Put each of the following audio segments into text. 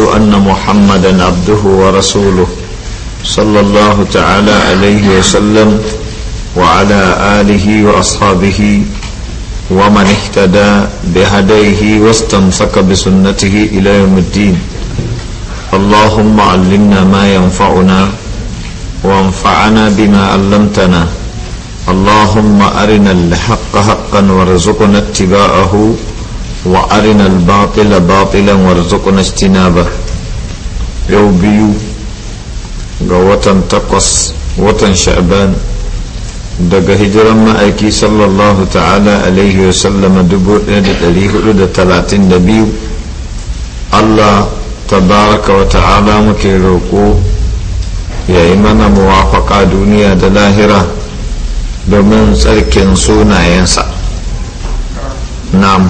واشهد ان محمدا عبده ورسوله صلى الله تعالى عليه وسلم وعلى اله واصحابه ومن اهتدى بهديه واستمسك بسنته الى يوم الدين اللهم علمنا ما ينفعنا وانفعنا بما علمتنا اللهم ارنا الحق حقا وارزقنا اتباعه وأرنا الباطل باطلا وارزقنا اجتنابه yau biyu ga watan takwas watan sha'ban daga hijiran ma'aiki sallallahu ta'ala alaihi wa sallama 1432 allah tabaraka wa ta'ala muke roƙo ya yi mana muwafaka duniya da lahira domin tsarkin sunayensa na'am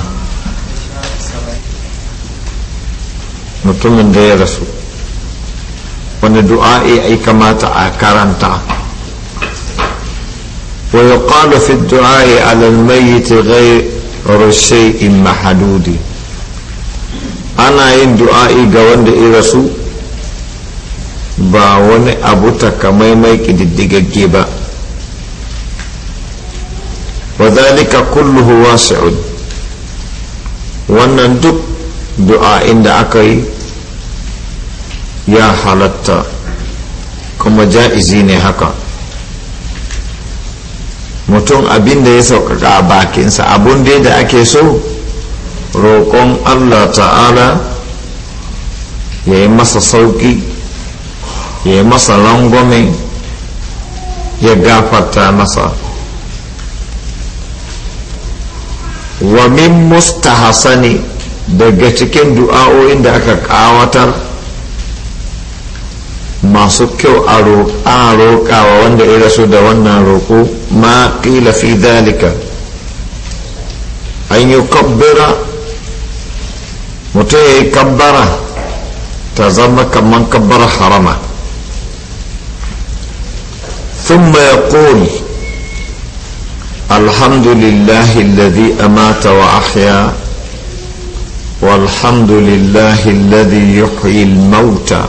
mutumin da ya rasu wani du'a'i ai kamata a karanta wa yuqalu fi du'a'i 'ala al-mayyit ghayru shay'in mahadudi. ana yin du'a'i ga wanda ya rasu ba wani abu mai kididdigagge ba wa dhalika kulluhu wasi'un wannan duk du'a inda aka yi ya halatta kuma ja'izi ne haka mutum abin da ya sauƙaƙa a bakinsa abun da da ake so roƙon allah ta'ala ya yi masa sauƙi ya yi masa rangwame ya gafarta masa wa min mustahasani daga cikin du'a'o'in da aka kawatar masu kyau a roƙawa wanda ya rasu da wannan roƙo ma ƙila fi dalika an yi kabbara mutum ya yi kabbara ta zama kamar kabbara harama ثم يقول الحمد لله الذي أمات وأحيا والحمد لله الذي يحيي الموتى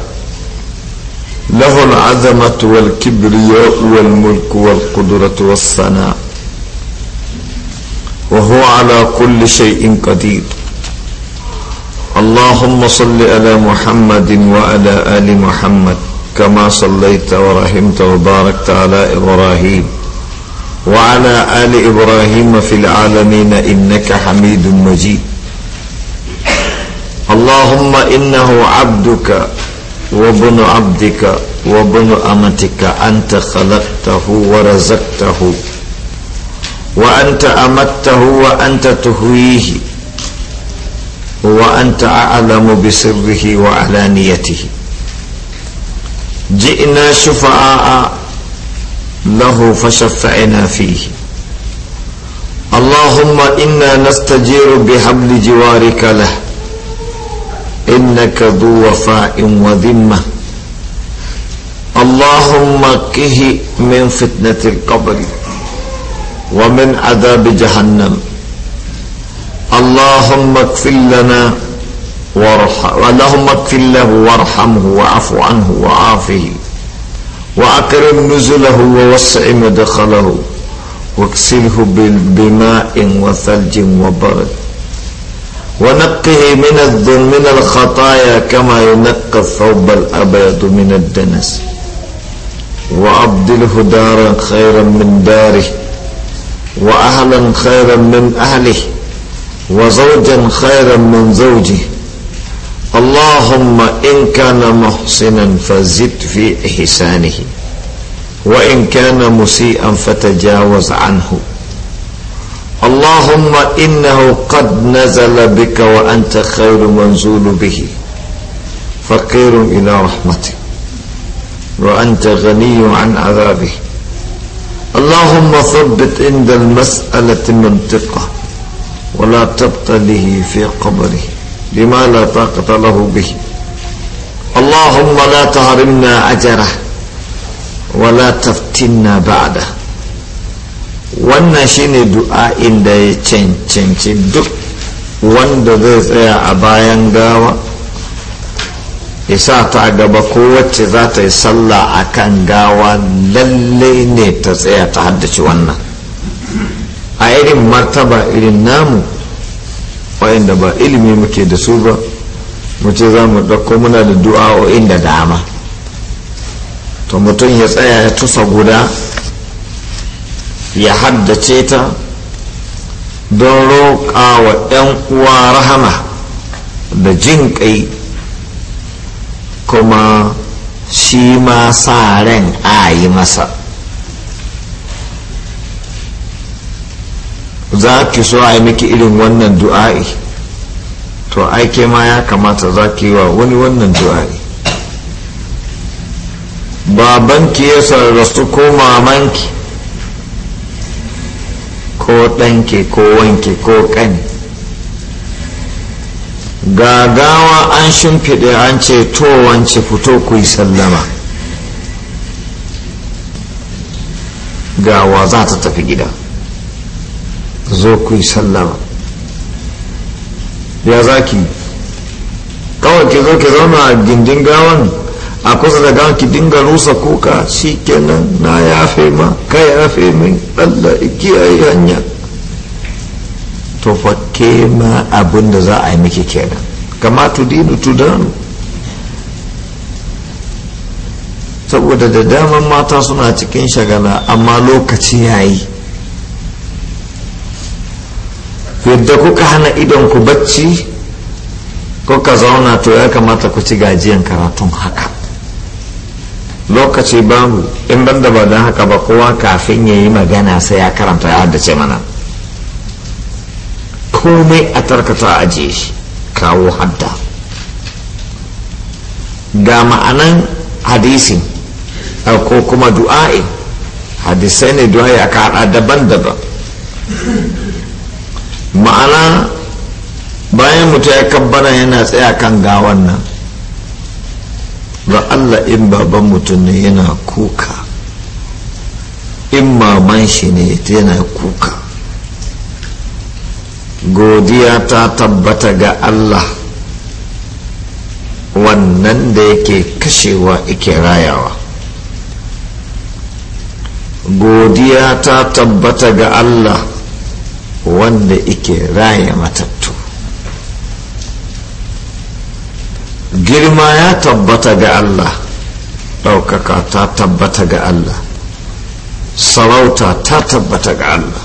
له العظمة والكبرياء والملك والقدرة والثناء وهو على كل شيء قدير اللهم صل على محمد وعلى آل محمد كما صليت ورحمت وباركت على إبراهيم وعلى آل إبراهيم في العالمين إنك حميد مجيد اللهم إنه عبدك وابن عبدك وابن أمتك أنت خلقته ورزقته وأنت أمته وأنت تهويه وأنت أعلم بسره وعلانيته جئنا شفعاء له فشفعنا فيه اللهم إنا نستجير بحبل جوارك له إنك ذو وفاء وذمة اللهم كه من فتنة القبر ومن عذاب جهنم اللهم اكفر لنا وارحم اللهم اكفر له وارحمه واعف عنه وعافه واكرم نزله ووسع مدخله واكسله بماء وثلج وبرد ونقه من الذنب من الخطايا كما ينقى الثوب الأبيض من الدنس وأبدله دارا خيرا من داره وأهلا خيرا من أهله وزوجا خيرا من زوجه اللهم إن كان محسنا فزد في إحسانه وإن كان مسيئا فتجاوز عنه اللهم إنه قد نزل بك وأنت خير منزول به فقير إلى رحمتك وأنت غني عن عذابه اللهم ثبت عند المسألة منطقة ولا تبتله في قبره لما لا طاقة له به اللهم لا تهرمنا أجره ولا تفتنا بعده wannan shine du'a inda ya cancanci duk wanda zai tsaya a bayan gawa isa ta gaba ko wacce za ta yi sallah a kan gawa lalle ne ta tsaya ta haddace wannan a irin martaba irin namu wa'inda ba ilimi muke da su ba mu ce za mu ɗauko muna da du'a inda dama to mutum ya tsaya ya tusa guda ya haddace ta don roƙa wa 'yan uwa rahama da jin ƙai kuma shi ma sa ran a yi masa za ki so a yi miki irin wannan du'a'i to aike ma ya kamata za ki yi wa wani wannan du'a'i babanki ya sarrasu ko mamanki ko ɗanke ko wanke ko ƙani gagawa an shimfiɗe an ce to wance fito ku yi sallama gawa za ta tafi gida zo ku yi sallama ya za ki kawai ki zo ki zauna a gindin gawan a kusa da ganki dinga rusa kuka shi kenan na yafe ma ka yafe min allah kiyaye hanya to fakke ma abin za a yi miki kenan kama tu tudanu saboda da daman mata suna cikin shagala amma lokaci ya yi yadda kuka hana idon ku bacci kuka zauna to ya kamata ku ci gajiyan karatun haka lokaci bamu in ban da ba haka ba kowa kafin ya yi magana sai ya karanta ya ce mana komai a tarkata a ajiye shi kawo hadda ga ma'anan hadisi ko kuma du'a'i hadisai ne du'a'i a hada daban-daban ma'ana bayan mutu ya kabbara yana tsaya kan gawan nan ga allah in baban mutum ne yana kuka in maman shi ne yana kuka godiya ta tabbata ga allah wannan da yake kashewa ike rayawa godiya ta tabbata ga allah wanda ike raya mata girma ya tabbata ga Allah ɗaukaka ta tabbata ga Allah sarauta ta tabbata ga Allah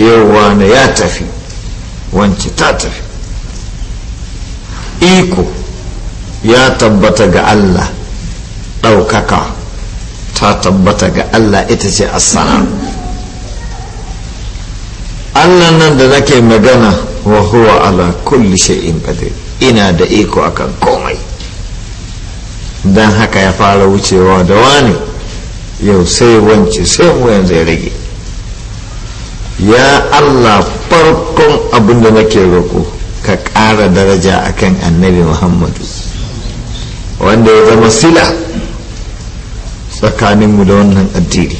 yauwa wane ya tafi wance ta tafi iko ya tabbata ga Allah ɗaukaka ta tabbata ga Allah ita ce asana Allah nan da nake magana wa huwa ala kulli shay'in qadir ina da iko akan komai don haka ya fara wucewa da wani yau sai wance sai mu yanzu ya rage ya allah farkon abin da nake roko ka ƙara daraja akan annabi muhammadu wanda ya zama sila tsakaninmu da wannan addini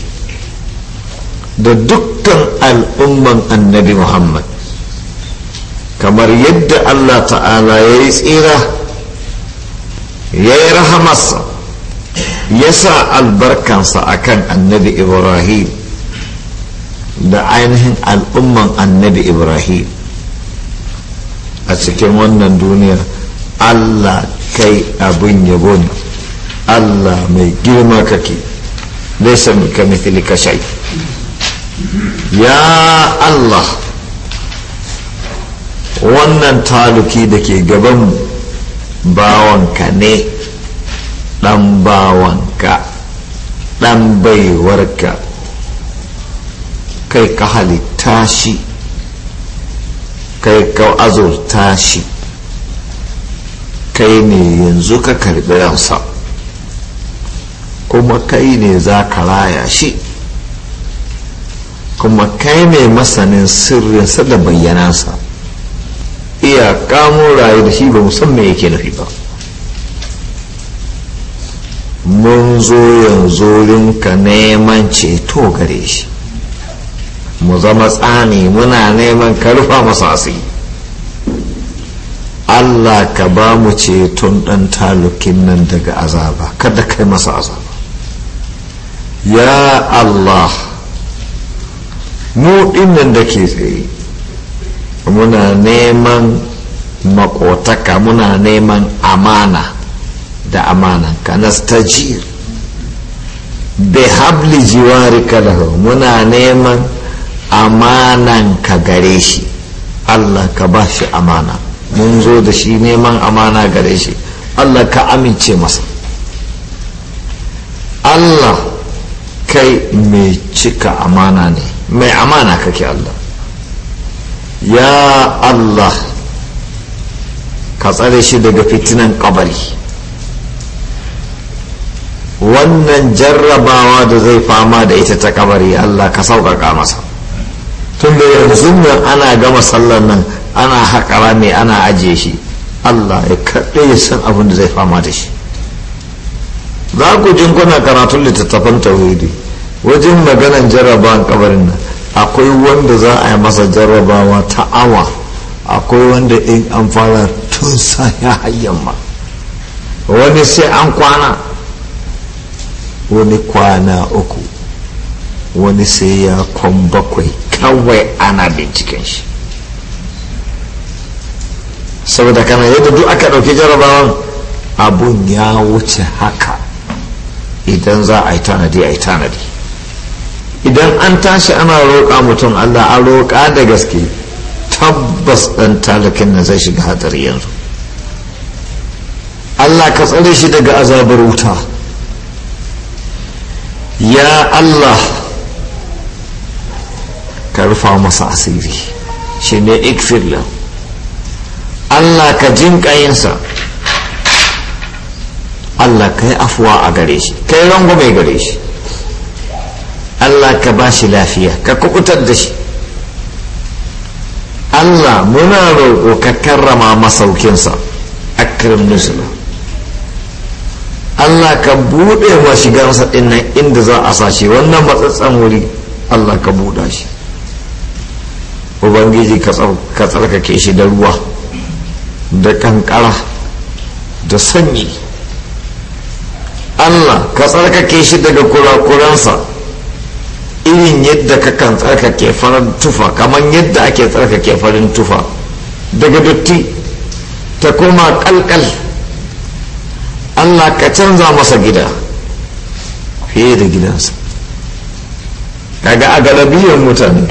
da dukkan al'umman annabi muhammad kamar yadda allah ta'ala ya yi tsira ya yi rahamarsa ya sa albarkansa a kan annabi ibrahim da ainihin al'umman annabi ibrahim a cikin wannan duniyar allah kai abin yabo ne allah mai girma kake laisa ka mithlika shay ya allah wannan taluki da ke gaban bawanka ne dan bawanka dan baiwarka kai ka halitta shi kai ka azurta shi kai ne yanzu ka karɓi ransa kuma kai ne za ka raya shi kuma kai ne masanin sirrinsa da bayyanansa iya kamo rayu da shi ba musamman yake nufi ba mun zo yanzu ka neman ceto gare shi mu zama tsani muna neman karfa masu masa asiri allah ka ba mu ceton dan talukin nan daga azaba kada kai masa azaba ya allah mu dinnan da ke tsaye muna neman makotaka muna neman amana da amana ka nastajir ji habli jiwarika muna neman amanan ka gare shi allah ka ba shi amana mun zo da shi neman amana gare shi allah ka amince masa allah kai mai cika amana ne mai amana kake allah ya Allah ka tsare shi daga fitinan ƙabari wannan jarrabawa da zai fama da ita ta kabari Allah ka sauƙaƙa masa tun da yanzu nan ana gama sallar nan ana haƙara mai ana ajiye shi Allah ya kaɗe ya san abin da zai fama da shi za ku jin kuna karatun littattafan tauhidi wajen maganan jarrabawan ƙabarin nan akwai wanda za a yi masa jarrabawa ta awa akwai wanda in an fara tun sanya hanyar hayyan ma wani sai an kwana wani kwana uku wani sai ya kwan bakwai kawai ana binciken shi saboda kana yadda duk aka ɗauki jarrabawan abun ya wuce haka idan za a yi tanadi a yi tanadi idan an tashi ana roƙa mutum allah a roƙa da gaske tabbas ɗan talakin na zai shiga hatsari yanzu allah ka tsare shi daga azabar wuta ya allah ka rufa masa asiri shi ne ikfirla allah ka jin ƙayinsa allah ka yi afuwa a gare shi ka yi rango mai gare shi Allah ka ba shi lafiya ka kubutar da shi Allah muna roƙo ka karrama masaukinsa akram musulun Allah ka buɗe wa shigarsa ɗin nan inda za a shi wannan matsatsan wuri Allah ka buɗa shi ubangiji ka tsarkake shi da ruwa da kankara da sanyi Allah ka tsarkake shi daga kurakuransa irin yadda kakan tsarkake farin tufa kamar yadda ake tsarkake farin tufa daga dotti ta koma kalkal allah ka canza masa gida fiye da gidansa kaga a galabiyar mutane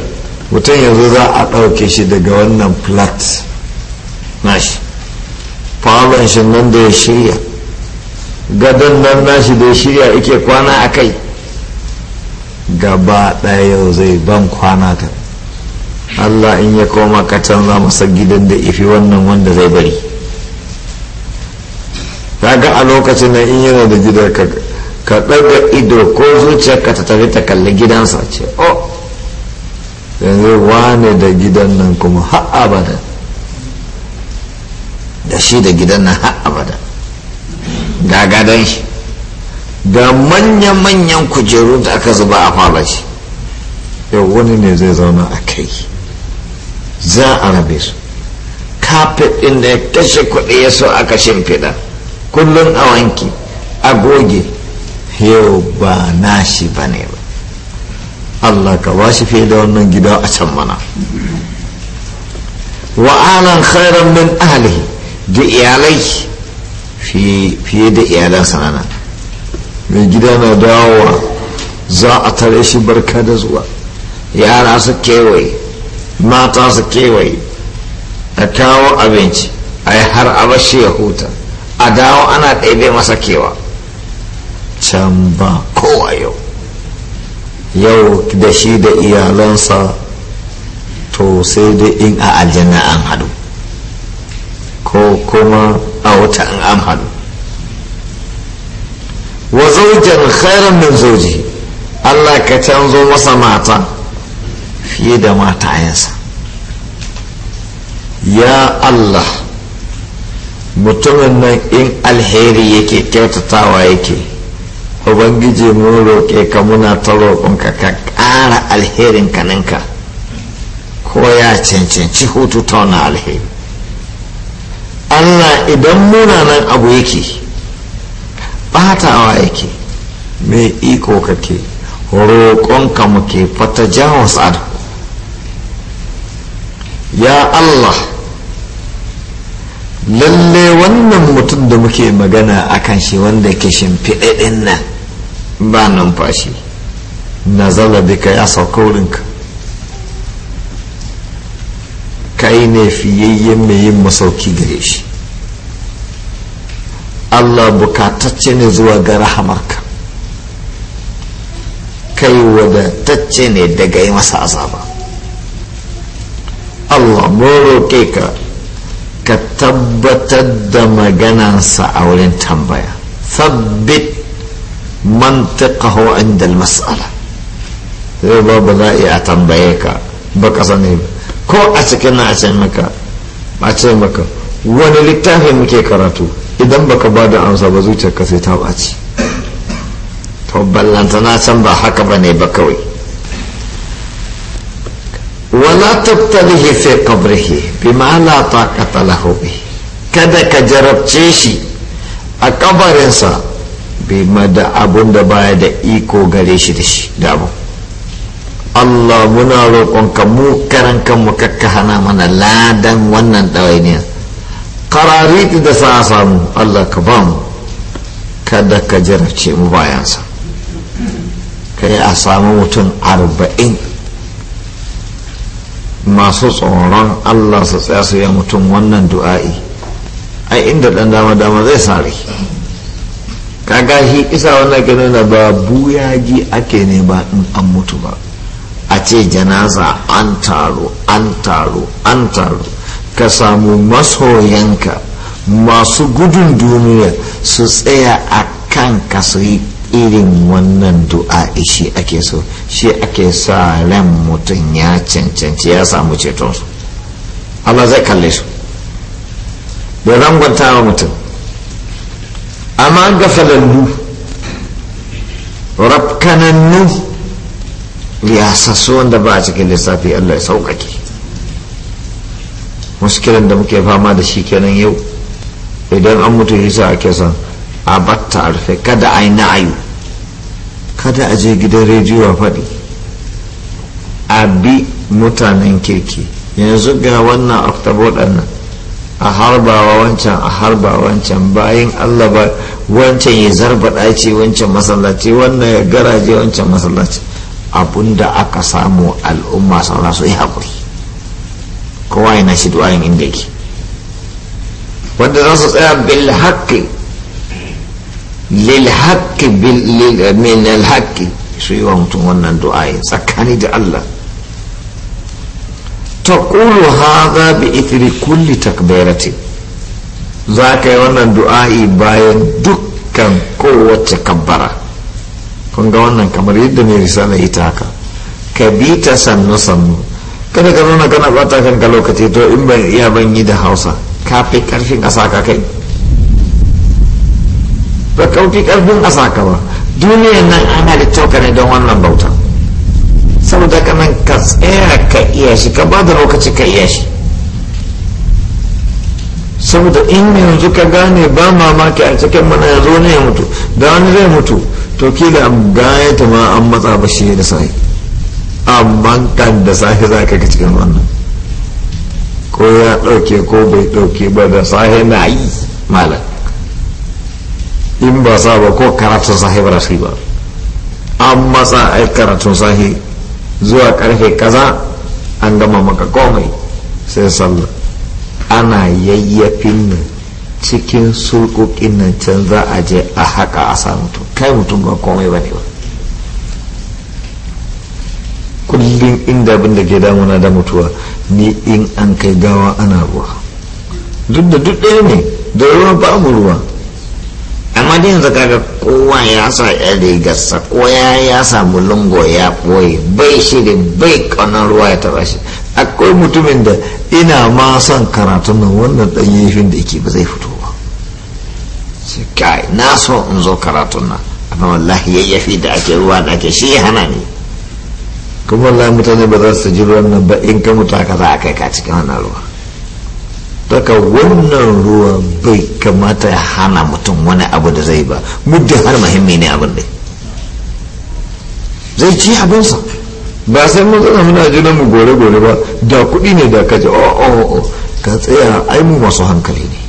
mutum yanzu za a ɗauke shi daga wannan plat nashi falon shi nan da ya shirya gadon nan nashi da ya shirya ike kwana a kai gaba ɗaya zai ban kwana ta Allah in ya koma ka canza masa gidan da ifi wannan wanda zai bari ta ga a lokacin da in yana da gidan ka ka ido ko zuciyarka ta tafi ta kalli gidansa ce o oh, yanzu wane da gidan nan kuma har abada da shi da gidan nan har abada ga gadon shi da manya-manyan kujeru da aka zuba a falaci yau wani ne zai zauna a kai za a rabe su kafet ɗin da ya kashe kuɗi ya so aka shimfiɗa kullum a wanki a goge yau ba nashi ba ne ba allah ka ba shi fiye da wannan gida a can mana wa'alan khairan min ahlihi da iyalai fiye da iyalan sanana mai gida na dawowa za a tare shi barka da zuwa yara su kewaye mata su kewaye a kawo abinci a yi har abashi ya huta a dawo ana ɗaibe masa kewa can ba kowa yau yau da shi da iyalansa to sai dai in a aljanna an hadu ko kuma a wuta an hadu wa zaujan khairan min zauji Allah ka canzo masa mata fiye da matayensa ya Allah mutumin nan in alheri yake kyautatawa yake ubangiji mun roƙe ka muna ta roƙonka ka ƙara alherin kaninka ko ya cancanci hutu ta wani alheri Allah idan muna nan abu yake batawa yake mai iko kake roƙonka muke fata jawas ya allah lalle wannan mutum da muke magana a kan shi wanda ke shimfiɗaɗin nan ba numfashi na bika ya saukorinka kai ne fiyayyen mai yin masauki gare shi Allah bukatacce ne zuwa ga rahamarka kai wadatacce ne daga yi masa azaba Allah roƙe ka ka tabbatar da maganansa a wurin tambaya sabbit mantiqahu inda mas'ala zai ba ba za a tambaye ka ba ka sani ba ko a cikin na a maka a ce maka wani littafin muke karatu idan baka ba da amsa ba ka sai ta ɓaci to ballantana can ba haka ba ne ba kawai wala tabtalihi fi qabrihi ma la taqata lahu bi kada ka jarabce shi a kabarinsa ma da abun da baya da iko gare shi da shi da abu Allah muna roƙonka mu karan kanmu kakka hana mana ladan wannan ɗawainiyar qarariti da sa samu Allah ka ba mu kada ka jarabce mu bayansa yi a samu mutum arba'in masu tsoron Allah su tsaya su yi mutum wannan du'a'i a inda dan dama dama zai sare kaga shi isa wannan gano na ba buyaji ake ne ba in an mutu ba a ce janaza an taro an taro an taro ka samu masoyanka masu gudun duniya su tsaya a kan su irin wannan du'a shi ake so shi ake sa ran mutum ya cancanci ya samu cetonsu Allah zai kalle su da rangwanta wa mutum amma falallu rafkanannu sassu wanda ba a cikin lissafi Allah ya sauƙaƙe kiran da muke fama da shi kenan yau idan an mutu hisa a son a batta a rufe kada a yi na'ayu kada a je gidan rediyo a faɗi a bi mutanen kirki yanzu ga wannan oktabo ɗannan a harbawa wancan a harba wancan bayan allah ba wancan ya zarba ɗaci wancan masallaci wannan ya garaje wancan masallaci abinda aka samu al'umma sallasu ya haƙuri kowa yana shi yin inda yake wanda za su tsaya bil haqqi lil haqqi bil min su yi wa mutum wannan yi tsakani da Allah taqulu hadha bi ithri kulli takbirati za ka yi wannan du'a'i bayan dukkan kowace kabbara kun ga wannan kamar yadda mai risala ita haka ka bi ta sannu sannu kada ka nuna kana bata kanka lokaci to in ban iya ban yi da hausa ka fi karfin asaka ka kai ba ka fi karfin ƙasa ka ba duniya nan ana da ka ne don wannan bauta saboda ka nan ka tsaya ka iya shi ka ba da lokaci ka iya shi saboda in yanzu ka gane ba mamaki a cikin mana ya zo ne ya mutu da wani zai mutu to kila ta ma an matsa ba shi da sai amma kan da safe za ka cikin wannan ko ya ɗauke ko bai ɗauke ba da safe na yi malam in ba sa ba ko karatun safe ba su ba an matsa a karatun safe zuwa karfe kaza an gama maka komai sai sallah ana yayyafin nan cikin surƙoƙin nan can za a je a haƙa a sa mutum kai mutum ba komai ba ne ba kullum inda abin da ke damuna da mutuwa ni in an kai gawa ana ruwa duk da duk ɗaya ne da ruwa babu ruwa amma dai yanzu kaga kowa ya sa ya gasa koya ya samu lungo ya ɓoye bai shi da bai ƙaunar ruwa ya taɓa shi akwai mutumin da ina ma son karatun nan wannan ɗan yafin da yake ba zai fito ba kai na so in zo karatun nan amma wallahi yayyafi da ake ruwa da ake shi hana ne kuma wallahi mutane ba za su ji ruwan nan ba in ka mutu aka za a kai ka cikin wannan ruwa daga wannan ruwa bai kamata ya hana mutum wani abu da zai ba muddin har muhimmi ne abin da zai ci abinsa ba sai mun zana muna jina mu gore gore ba da kuɗi ne da kaje o oh, o oh, o oh, ka tsaya ai mu masu hankali ne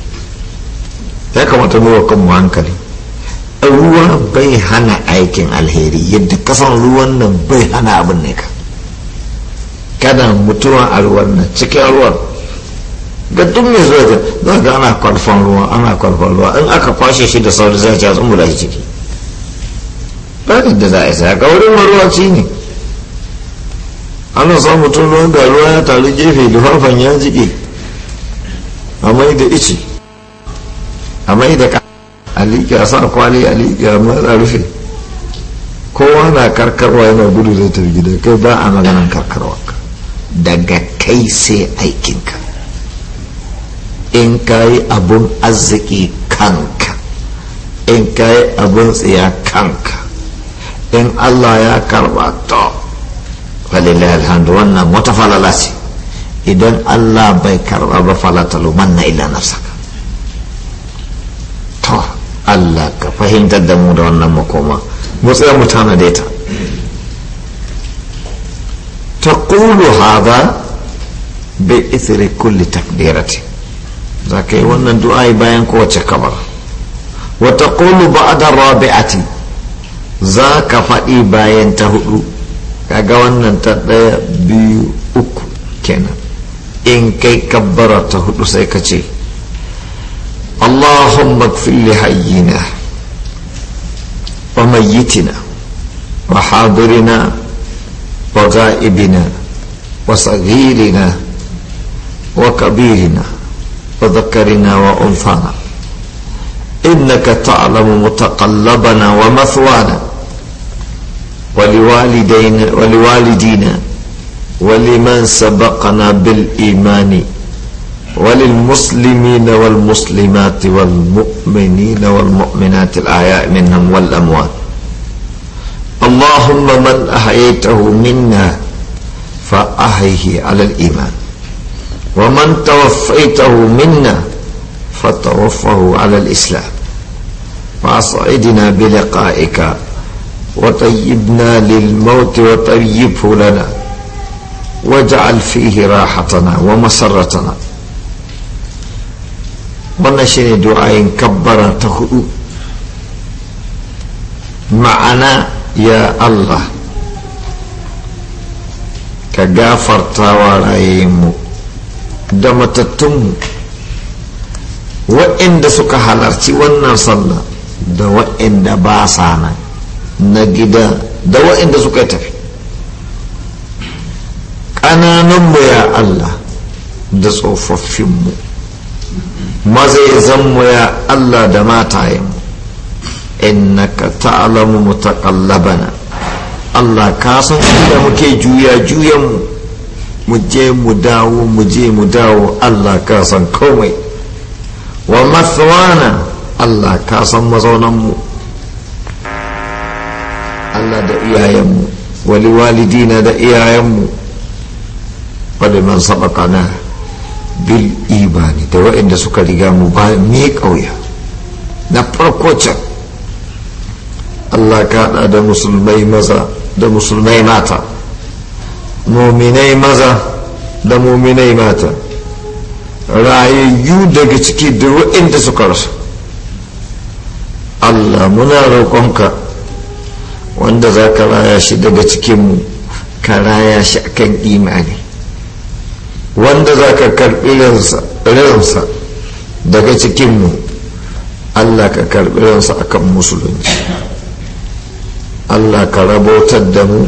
ya kamata mu kan mu hankali ruwa bai hana aikin alheri yadda kasan ruwan nan bai hana abin ne ka kada mutuwa a ruwan nan cikin ruwan ga duk mai zuwa ga za ga ana kwalfan ruwa ana kwalfan ruwa in aka kwashe shi da sauri zai ci sun da shi ciki ba da za a isa ga wurin ci ne ana samun mutum ruwan ga ruwa ya taru gefe da farfan ya jike a mai da ice a mai da ka a sa kwali a matsa rufe kowa na karkarwa yana gudu zai tafi gida kai ba a maganan karkarwa daga kai sai aikinka in ka yi abun arziki kanka in ka yi abun tsiya kanka in allah ya karba to walillahi alhamdu wannan wata falala ce idan allah bai karba ba luman na ila nafsaka to allah ka fahimtar da mu da wannan makoma mu tsaya mu tana تقول هذا بإثر كل تكبيرة ذاك يوانا دعاء بيان كوة كبر وتقول بعد الرابعة ذاك فأي بيان تهدو kaga wannan ta ɗaya biyu in kai kabbara ta hudu sai ka ce allahumma li hayyina وغائبنا وصغيرنا وكبيرنا وذكرنا وأنثانا إنك تعلم متقلبنا ومثوانا ولوالدينا ولوالدينا ولمن سبقنا بالإيمان وللمسلمين والمسلمات والمؤمنين والمؤمنات الأحياء منهم والأموات اللهم من أحييته منا فأحيه على الإيمان ومن توفيته منا فتوفه على الإسلام فأصعدنا بلقائك وطيبنا للموت وطيبه لنا واجعل فيه راحتنا ومسرتنا wannan دعاء كبر تخلو معنا ya Allah ka gafarta wa rayuwarmu da matattunmu wa'inda suka halarci wannan sallah da wa'inda ba sa nan na gida da wa'inda suka yi tafi ƙananunmu ya Allah da tsofaffinmu mazai zanmu ya Allah da matayenmu innaka ta'lamu mutaqallabana Allah ka san inda muke juya juyan mu mu je mu dawo mu je mu dawo Allah ka san komai wa mathwana Allah ka san mazaunan mu Allah da iyayen mu wali walidina da iyayen mu wali man sabaqana bil ibani da waɗanda suka riga mu ba me kauya na farko can Allah ka haɗa da musulmai maza da musulmai mata muminai maza da muminai mata rayayyu daga ciki da waɗanda suka rasu Allah muna roƙonka wanda za ka raya shi daga cikinmu ka raya shi akan imani wanda za ka karɓi ransa daga cikinmu Allah ka karɓi ransa akan musulunci allah ka rabotar da mu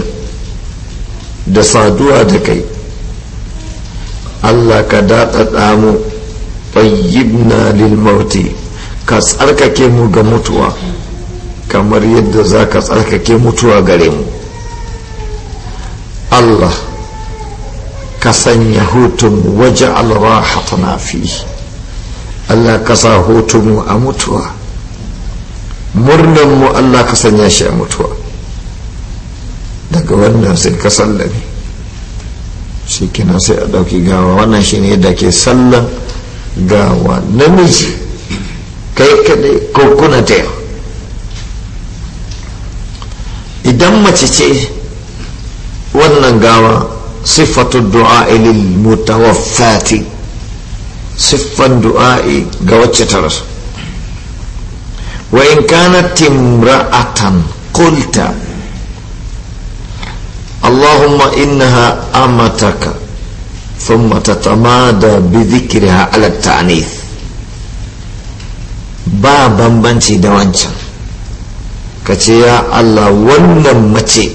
da saduwa da kai allah ka daɗaɗa mu ɗayyibna lil mauti ka tsarkake mu ga mutuwa kamar yadda za ka tsarkake mutuwa gare mu allah ka sanya hutun waje alrahatana fi allah ka sa hutunmu a mutuwa murnanmu allah ka sanya shi a mutuwa daga wannan sai ka sallame shi kina sai a dauki gawa wannan shi ne da ke sallan gawa namiji kai kaɗai ko kuna ta idan mace ce wannan gawa siffatu du'a ilil mutawaffati siffan du'a'i ga wacce ta rasu wa in kana timra'atan qulta اللهم matatama da ثم تتمادى بذكرها على التعنيف ba bambanci da wancan ka ce ya Allah wannan mace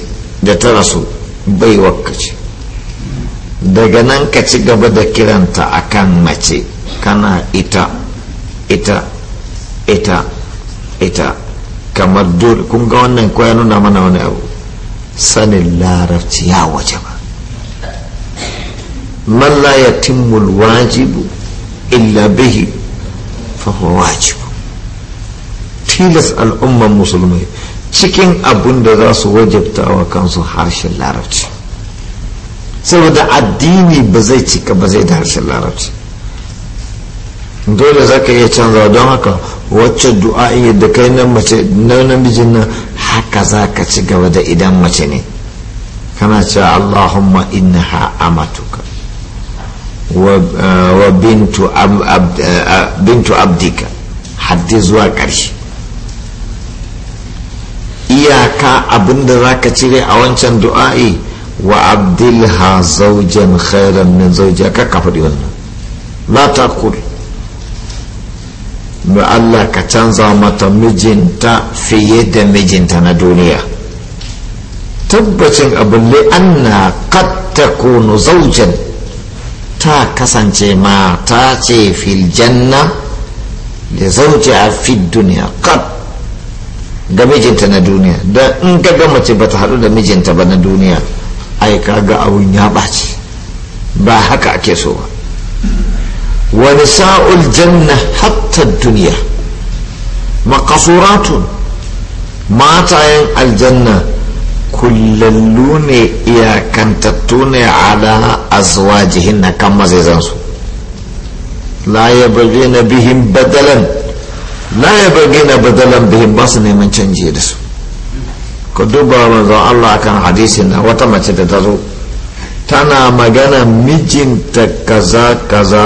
da ta rasu bai ce daga nan ka ci gaba da kiranta akan mace kana ita ita ita ita kamar dole ga wannan kwaya nuna mana wani abu sanin larabci ya waje ba man la yatimmu alwajibu illa bihi fa huwa wajib tilas al'umman musulmai cikin abun da za su wajabta wa kansu harshen larabci saboda addini ba zai cika ba zai da harshen larabci dole za ka iya canzawa don haka wacce du'a yadda kai nan mace nan namijin nan haka za ka ci gaba da idan mace ne kana cewa allahumma innaha amatuka wa uh, uh, bintu abdika haddi zuwa ƙarshe iyaka abinda za ka cire a wancan du'a'i wa abdilha zaujan khairan min zauja ka ka faɗi wannan la ta kuri mu Allah ka canza mata mijinta fiye da mijinta na duniya tabbacin abin li'anna qad takunu zaujan ta kasance mata ce fil janna da zauce a fi duniya qad ga mijinta na duniya da in ka ga mace bata haɗu da mijinta ba na duniya ai kaga abun ya ɓaci ba haka ake so ba ونساء الجنة حتى الدنيا مقصورات ماتعين الجنة كل اللون يا كنتتون على أزواجهن كما زيزانسو لا يبغين بهم بدلا لا يبغين بدلا بهم بس من canji da su ka duba manzon Allah kan hadisin na wata mace da ta zo tana magana mijinta kaza kaza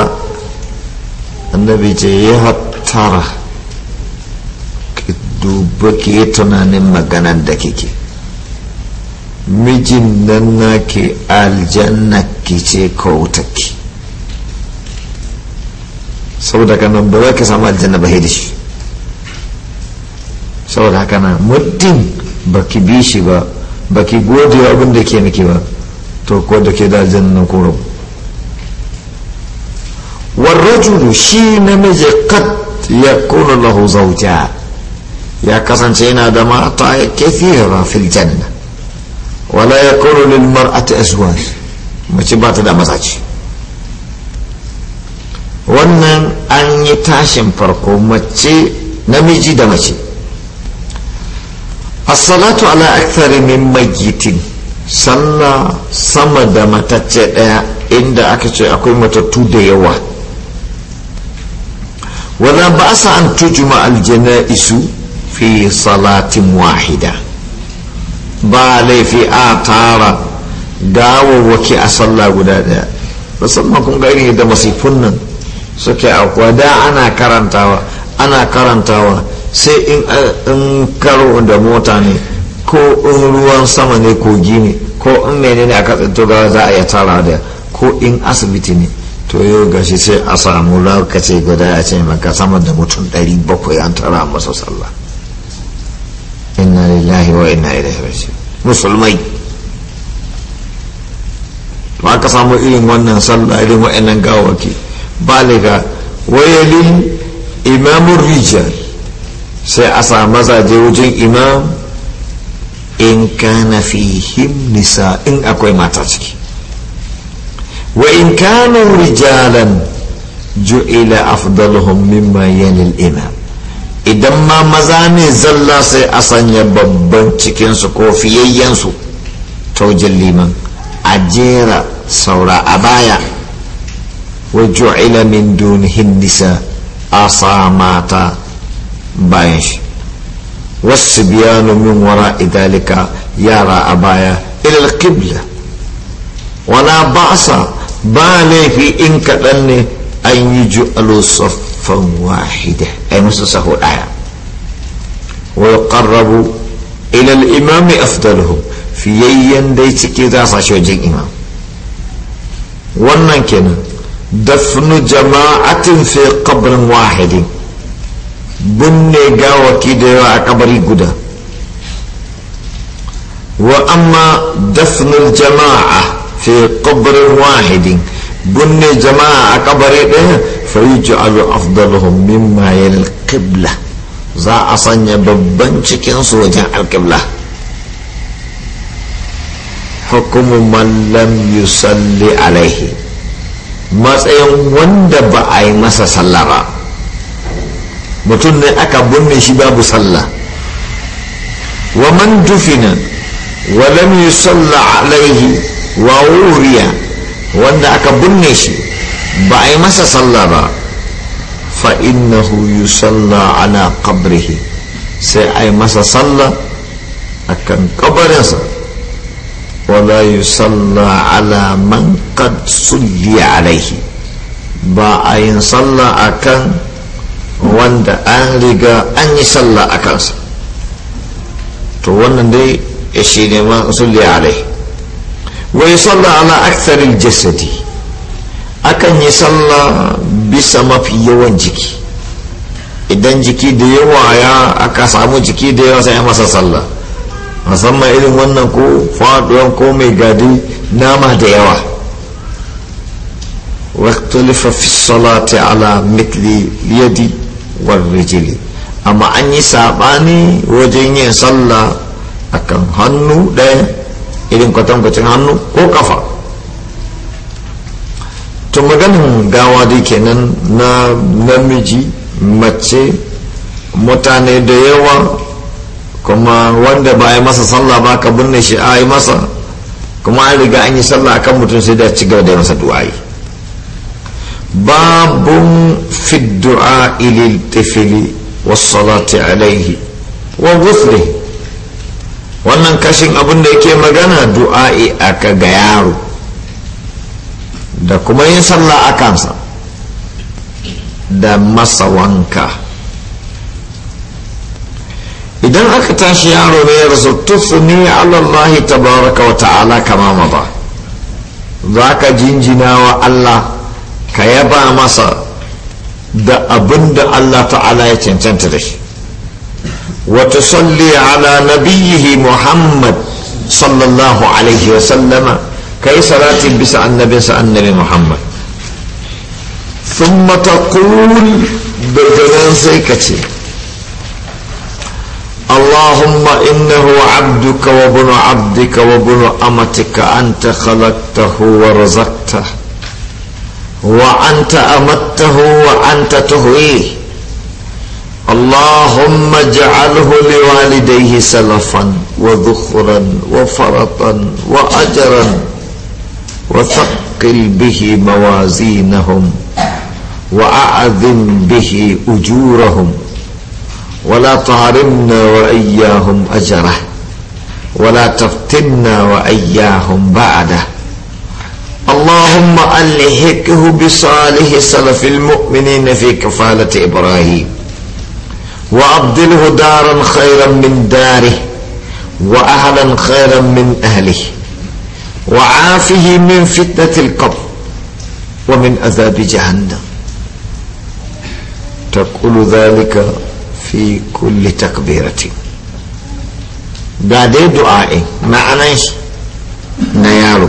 annabi ce ya hattara duba ke tunanin maganan da kike mijin nan na ke aljanna ki ce kowutaki saboda kanan ba za ka samu aljanna ba shi saboda haka na muddin ba ki bi shi ba ba ki gode abin ke nake ba to ko da ke da aljanna ko warrajulu shi namiji kat ya kuna lahu ya kasance yana da mata ya kefira fil janna wala ya kuna lil mar'ati azwaj mace ba ta da mazaci wannan an yi tashin farko mace namiji da mace as-salatu ala akthari min mayyitin sallah sama da matacce daya inda aka ce akwai matattu da yawa ba sa an ولا بأس أن تجمع الجنائز في صلاة a tara في waki a sallah guda daya musamman kun ga irin da masifun nan suke a da ana karantawa ana karantawa sai in karo da mota ne ko in ruwan sama ne kogi ne ko in menene a to gawa za a yi tara da ko in asibiti ne to yau gashi sai a samu lokaci guda a ce maka sama da mutum ɗari an tara masa sallah inna lillahi wa inna ilaihi raji musulmai to aka samu irin wannan sallah irin wa'annan gawaki baliga wayalin imamun rijal sai a samu mazaje wajen imam in kana fihim nisa in akwai mata ciki وإن كانوا رجالا جعل أفضلهم مما يلي الإمام idan ma maza ne zalla sai a sanya babban cikinsu ko fiyayyensu taujin liman a jera saura a baya wa ju'ila min dunihin nisa a sa mata bayan shi wasu biyanu min wara idalika yara a baya ilal qibla wala ba'sa ba laifi in kaɗan ne an yi ju'alu saffan wahida ai musu saho ɗaya wa ilal ila imami afdalhu fiyayyen dai ciki za su shi wajen imam wannan kenan dafnu jama'atin fi qabrin wahidin binne gawaki da yawa a kabari guda wa amma dafnul jama'a fi qabrin wahidin bunne jama'a a kabari ɗaya fa yuj'alu afdaluhum mimma za a sanya babban cikin su wajen hukumu mallam yi yusalli alaihi matsayin wanda ba a yi masa sallah ba mutum ne aka binne shi babu sallah wa man dufina wa lam yusalla alaihi Wa wawuriya wanda aka binne shi ba a yi masa sallah ba fa innahu yusalla ala qabrihi sai a yi masa sallah akan kabarinsa wala yusalla ala man qad sulliya alaihi ba a yin sallah akan wanda an riga an yi sallah akansa to wannan dai shi ne man sulliya alaihi wa salla ala aktharil jasadi akan yi salla bisa mafi yawan jiki idan jiki da yawa ya aka samu jiki da yawa sai masa salla musamman irin wannan ko faduwan ko mai gadi nama da yawa waktulifa fi salati ala mitli yadi war rijili amma an yi saɓani wajen yin sallah akan hannu ɗaya irin kwatankwacin hannu ko kafa tun maganin gawa dai kenan na namiji mace mutane da yawa kuma wanda ba yi masa sallah ba ka binne shi a yi masa kuma an riga an yi sallah kan mutum sai da ci gaba da masa du'a'i babun fi du'a ilil wasu salati alaihi wa gusle wannan kashin abin da yake magana du'a'i aka ga yaro da kuma yin sallah a kansa da masa wanka idan aka tashi yaro ne ya rasu tufu ni ta tabaraka wa ta'ala kama ba za ka jinjina wa allah ka yaba masa da abin da allah ta'ala ya cancanta da shi وتصلي على نبيه محمد صلى الله عليه وسلم كي صلاة بس عن نبي عن نبي محمد ثم تقول بجنان زيكتي اللهم إنه عبدك وابن عبدك وابن أمتك أنت خلقته ورزقته وأنت أمته وأنت تهويه اللهم اجعله لوالديه سلفا وذخرا وفرطا وأجرا وثقل به موازينهم وأعظم به أجورهم ولا تعرمنا وإياهم أجره ولا تفتنا وإياهم بعده اللهم ألهكه بصالح سلف المؤمنين في كفالة إبراهيم وأبدله دارا خيرا من داره وأهلا خيرا من أهله وعافه من فتنة القبر ومن أذاب جهنم تقول ذلك في كل تكبيرة بعد دعائي معنى نيارو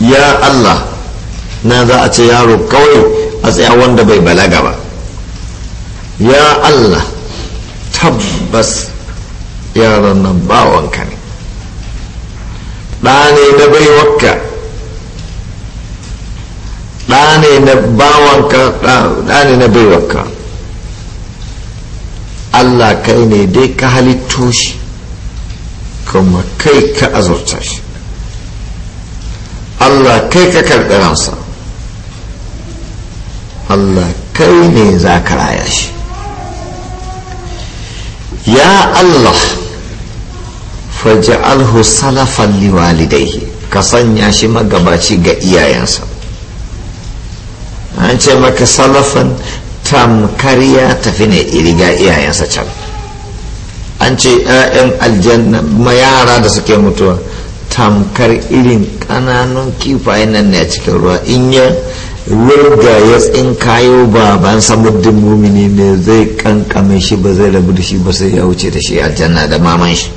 يا الله نذا أتيارو قوي ce yaro kawai ya Allah tabbas yaran nan bawanka ne ɗa ne na baiwarka ɗa ne na bawanka ɗa ne na baiwarka Allah kai ne dai ka halitto shi kuma kai ka azurta shi Allah kai ka karɓi ransa Allah kai ne za ka raya shi ya Allah alhu salafan liwalidayhi ka sanya shi magabaci ga iyayensa an ce maka salafan tamkar ya tafi ne iriga iyayensa can an ce 'ya'yan aljanna yara da suke mutuwa tamkar irin ƙananan kifayen nan ne a cikin ruwa in ya yadda ya tsinkayo san muddin mumini ne zai kankame shi ba zai rabu da shi ba sai ya wuce da shi aljanna da maman shi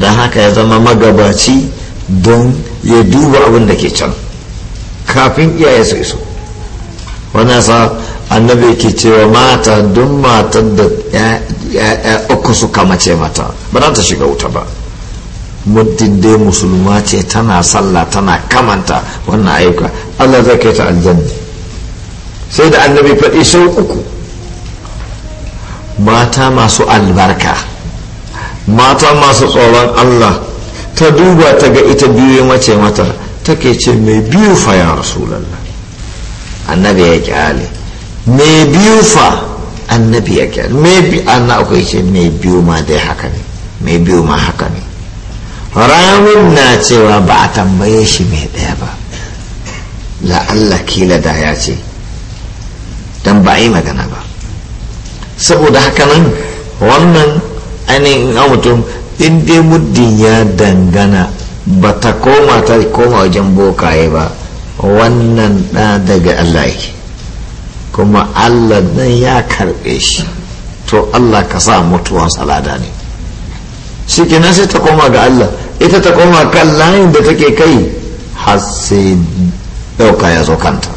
da haka ya zama magabaci don ya duba abin da ke can kafin iyaye su iso wani sa annabi ke cewa mata don matar da ya uku suka mace mata ba za ta shiga wuta ba muddin dai musulma ce tana sallah tana kamanta wannan ayyuka allah zai kai ta aljanna sai da annabi faɗi sau uku mata masu albarka mata masu tsoron allah ta duba ta ga ita biyu mace mata take ce mai biyu fa ya rasulallah annabi ya kyale mai biyu fa annabi ya kyale mai biyu an akwai ce mai biyu ma dai haka ne mai biyu ma haka ne ramin na cewa ba a tambaye shi mai ɗaya ba Allah kila da ya ce don ba a yi magana ba saboda haka nan wannan ainihin a mutum in dai muddin ya dangana ba ta koma ta koma wajen bokaye ba wannan ɗa daga allah yake kuma allah nan ya karɓe shi to allah ka sa mutuwan salada ne shi na sai ta koma ga allah ita ta koma kan layin da take kai har sai ɗauka ya zo kanta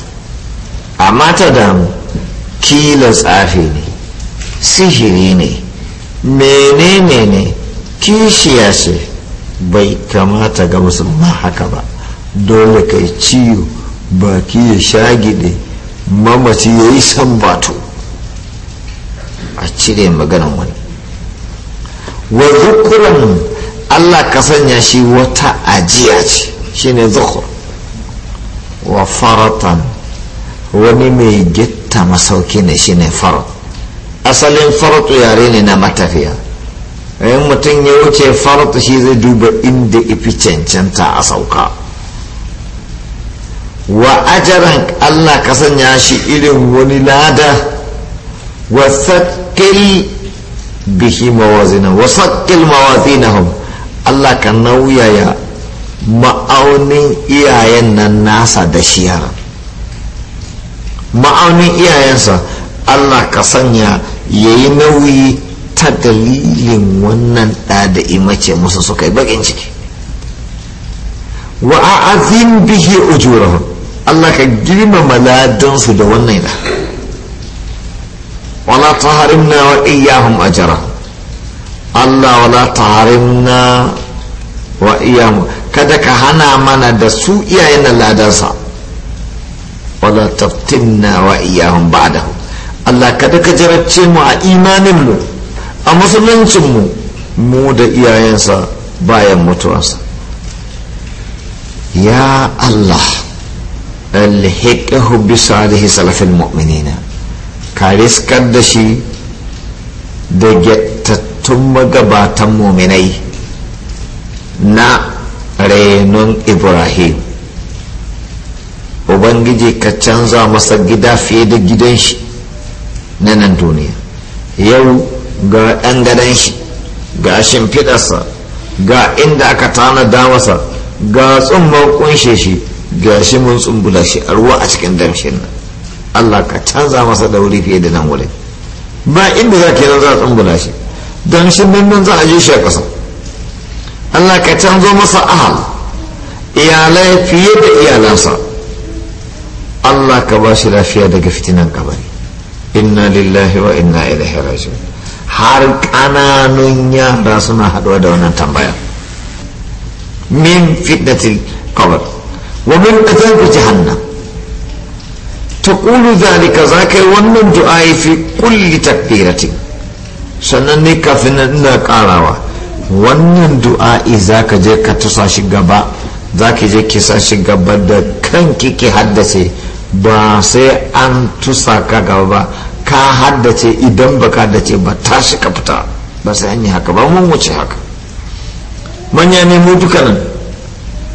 amma ta damu kila tsafi ne sihiri ne mene ne kishiya ce bai kamata ga musulma haka ba dole kai ciwo baki ya shagide mamaci ya yi bato a cire maganan wani wa zukuran Allah ka sanya shi wata ajiya ce shine zuhur wa faratan wani mai gitta masauki ne shine farat asalin faratu yare ne na matafiya in mutum ya wuce faratu shi zai duba inda ifi cancanta a sauka wa ajaran Allah ka sanya shi irin wani lada wasakil bihi mawazina wasakil sakil Allah ka nauyaya ma'aunin iyayen nan nasa da shi shiyar ma'aunin iyayensa Allah ka sanya ya yi nauyi ta dalilin wannan ɗa da imace musu suka yi bakin ciki wa a azim bihi ujurahum Allah ka girmama ladansu da wannan da wala ta harimna wa iyahum ajara Allah wala tarimna wa iyamu kada ka hana mana da su iyayen nan ladansa wala taftinna wa iyahum ba'dahu Allah kada ka jarabce mu a imanin mu a musuluncin mu mu da iyayensa bayan mutuwarsa ya Allah alhiqahu bi salihi salafil mu'minina ka riskar da shi da tun magabatan muminai na renon ibrahim ubangiji ka canza masa gida fiye da gidan shi na nan duniya yau ga ɗan gadon shi ga shimfiɗarsa ga inda aka tanada masa ga tsumman kunshe shi ga shi mun tsumbula shi a ruwa a cikin damshin nan allah ka canza masa da wuri fiye da nan wurin ba inda za ke nan za a tsumbula shi don shi nan za a je shi a ƙasa allah ka canzo masa ahal iyalai fiye da iyalansa allah ka ba shi lafiya daga fitinan kabari inna lillahi wa inna ilaihi raji'un har ƙananan yara suna haɗuwa da wannan tambaya min fitnatil qabr wa min azab jahannam taqulu dhalika zakai wannan du'a fi kulli takbiratin sannan ne kafin ina karawa wannan du'a'i za ka je ka tusa shi gaba za ki je ki sa shi gaba da kanki ki haddace ba sai an tusa ka gaba ba ka haddace idan ba ka haddace ba ta shi ka fita ba sai an yi haka ba mun wuce haka manya ne mu duka nan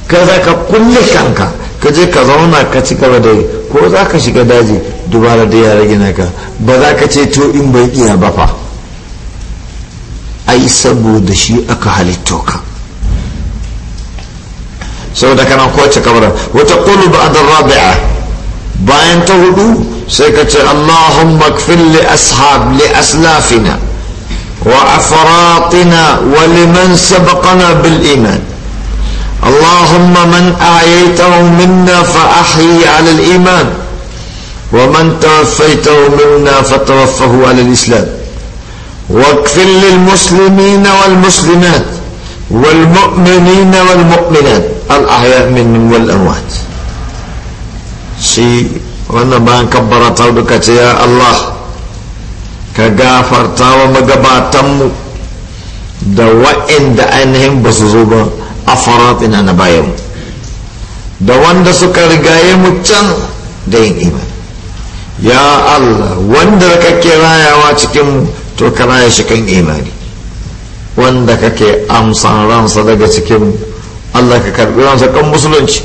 ka za ka kulle kanka ka je ka zauna ka ci gaba da ko za ka shiga daji dubara da yare gina ka ba za ka ce to in bai iya ba fa ai saboda shi aka halitto ka saboda kana kowace kabarar wata kulu ba da rabi'a bayan ta hudu sai ka ce allahumma kfir li ashab li aslafina wa afratina wa liman sabaqana bil iman اللهم من أعيته منا فأحيي على الإيمان ومن توفيته منا فتوفه على الإسلام واغفر للمسلمين والمسلمات والمؤمنين والمؤمنات الأحياء منهم والأموات شيء wannan bayan kabbara ta duka ce ya Allah ka gafarta wa magabatanmu da wa'inda ainihin ba su zo ba a faratin na bayan da wanda suka rigaye mu can da yin imani ya Allah wanda ka kirayawa cikin mu to kana ya shikan imani wanda kake amsan ransa daga cikin Allah ka karbi ransa kan musulunci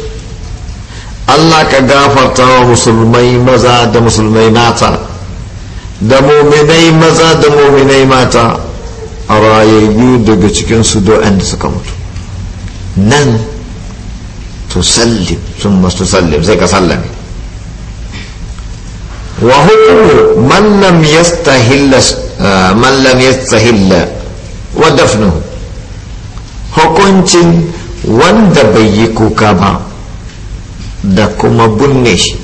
Allah ka gafarta wa musulmai maza da musulmai mata da muminai maza da muminai mata a rayayyu daga cikin su do'an da suka mutu nan tusallim sun masu tusallim sai ka sallame وهو من لم يستهل من لم يستهل ودفنه hukuncin wanda bai yi kuka ba da kuma bunne shi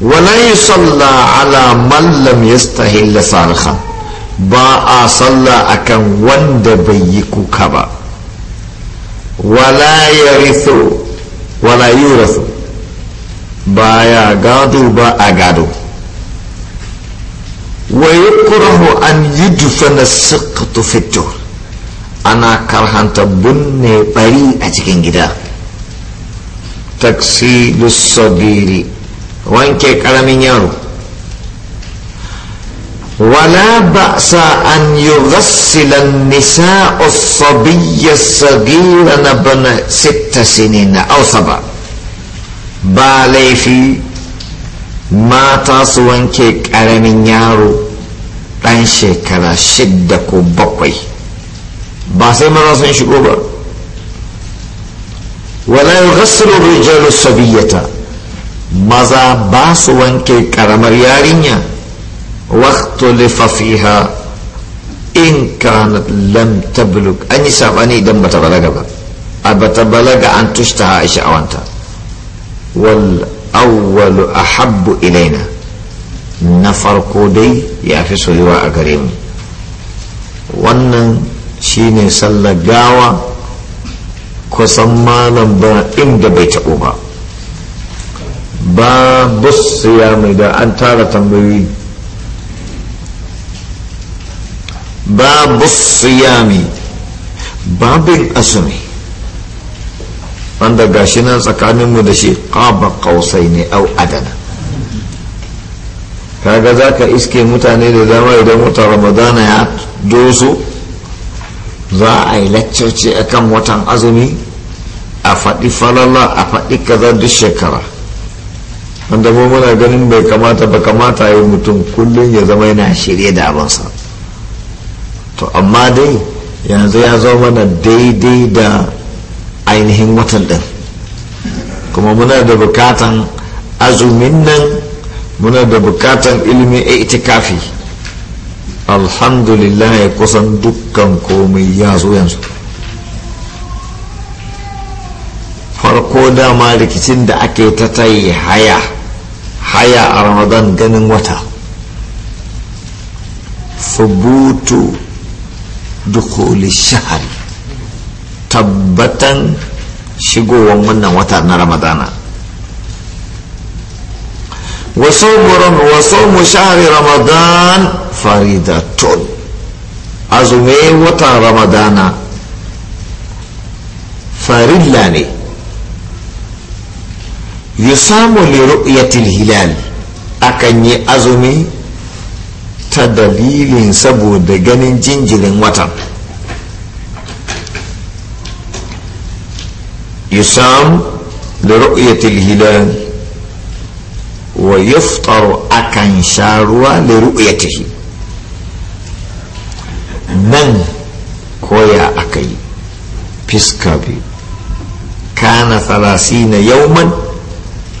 wala yi salla ala man lam yastahilla sarha ba a salla akan wanda bai yi kuka ba wala yarithu wala yurathu baya gado ba a gado waye kurahu an yi dufa na ana karhanta bunne bari a cikin gida taksi lusabiri wanke karamin yaro wala ba'sa an yughassila an-nisaa'u as-sabiyya as aw sab'a ba laifi mata su wanke ƙaramin yaro ɗan shekara shidda ko bakwai ba sai maza sun shigo ba wala yughassilu rijalu sabiyata maza ba su wanke karamar yarinya waqtulifa fiha in kanat lam tablug an yi sabani idan bata balaga ba a bata balaga an tushta a sha'awanta والأول أحب إلينا نفرق دي يعفي سويوا أقريم wannan shine sallar gawa kusan malam ba inda bai taɓo ba babu siyami da an tara tambayoyi babu siyami wanda gashi nan tsakaninmu da shi ƙaba ƙausai ne au adana kaga za ka iske mutane da dama idan wata ramadana ya doso za a yi a kan watan azumi a faɗi falala a faɗi kaza duk shekara wanda mu muna ganin bai kamata ba kamata yi mutum kullum ya zama yana shirye da abansa to amma dai yanzu ya zama mana daidai da ainihin watan din kuma muna da bukatan azumin nan muna da bukatan ilimin itikafi alhamdulillah kusan dukkan komai ya zo yanzu farko dama rikicin da ake ta tayi haya haya a ramadan ganin wata fubutu dukuli shahari tabbatan shigowan wannan wata na ramadana wasu mu shahari ramadan faridatun azume watan ramadana farilla ne yusamu ya ru'yatil hilal akan yi azumi ta dalilin saboda ganin jinjirin watan يسام لرؤية الهلال ويفطر أكن شاروا لرؤيته من كويا أكي بيسكابي كان ثلاثين يوما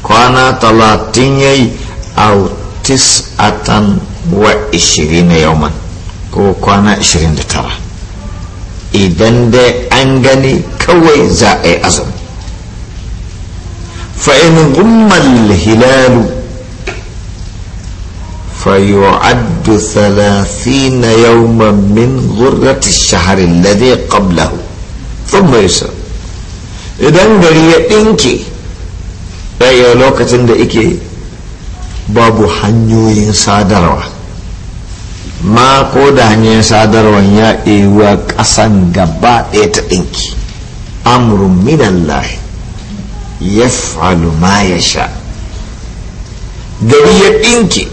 كان ثلاثين أو تسعة وعشرين يوما ko kwana 29 idan dai an gani kawai za a yi azumi فإن غم الهلال فيعد ثلاثين يوما من غرة الشهر الذي قبله ثم يسر idan gari ya ɗinke ɗaya lokacin da ike babu hanyoyin sadarwa ma ko da hanyoyin sadarwan ya ɗewa ƙasan gaba ɗaya ta ɗinki amurin minallahi يفعل ما يشاء gari ya ɗinke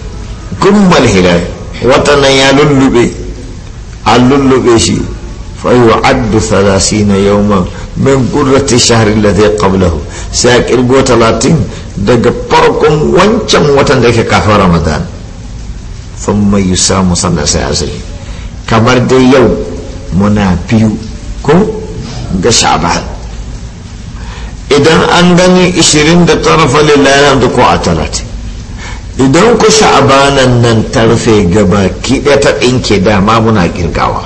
gummal hilal wata nan ya lullube an lullube shi fayu addu thalathina yawman min qurrati shahri alladhi qablahu sai a kirgo talatin daga farkon wancan watan da yake kafin ramadan thumma yusamu sannan sai azumi kamar dai yau muna biyu ko ga sha'ban idan an gani da tarafa falillahi da ko a talatin idan ku sha'abanan nan tarfe rufe gaba ɗaya ta ɗinke dama muna girgawa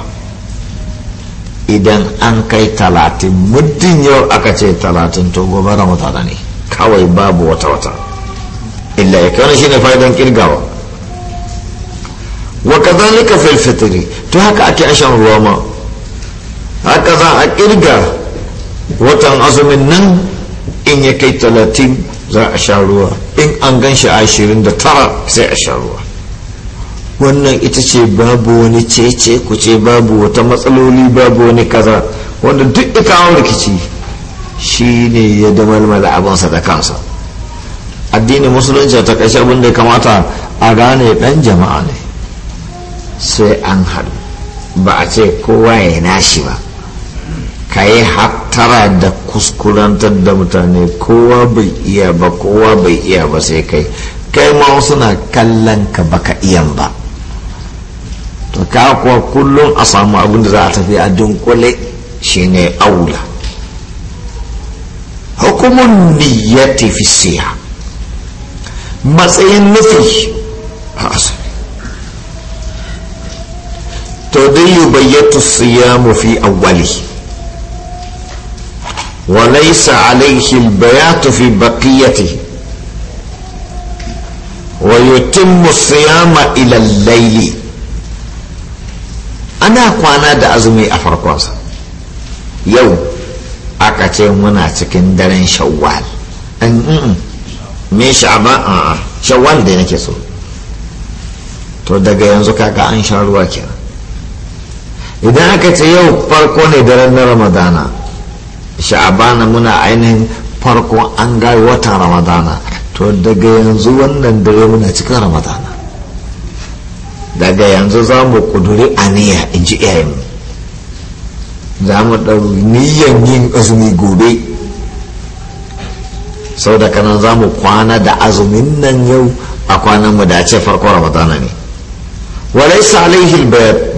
idan an kai talatin muddin yau aka ce talatin to gobe ramadana ne kawai babu wata wata illa ya kawai ne fa'idan kirgawa wa kazalika fil fitri to haka ake ashan ruwa ma haka za a kirga watan azumin nan in ya kai talatin za a sha ruwa in an gan shi ashirin da tara sai a sha ruwa wannan ita ce babu wani cece ku ce babu wata matsaloli babu wani kaza wanda duk da kawo rikici shi ne ya damalmala abinsa da kansa addinin musulunci ta kashe abin da kamata a gane dan jama'a ne sai an haɗu ba a ce kowa ya nashi ba ka yi hattara da kuskurantar da mutane kowa bai iya ba kowa bai iya ba sai kai kai ma wasu na kallon ka baka iyan ba to ka kuwa kullum a samu abin da za a tafi a dunkule shi ne aula hukumun niyyati fi siya matsayin nufi a to dai yubayyatu siyamu fi awwali وليس عليه البيات في بقيته ويتم الصيام إلى الليل أنا قوانا دا أزمي أفرقوزا يوم أكتير منا تكن دارين شوال أن من شعبا شوال دي نكسو تو دا yanzu kaga أنشار sha ruwa kenan idan aka ce yau farko ne daren na ramadana sha'abana muna ainihin farkon an ga watan ramadana to daga yanzu wannan dare muna cikin ramadana daga yanzu za mu kuduri aniya in ji iyayen za mu ɗaru niyan yin azumi gobe sau da kanan za mu kwana da azumin nan yau a kwanan mu da ce farkon ramadana ne walai salihil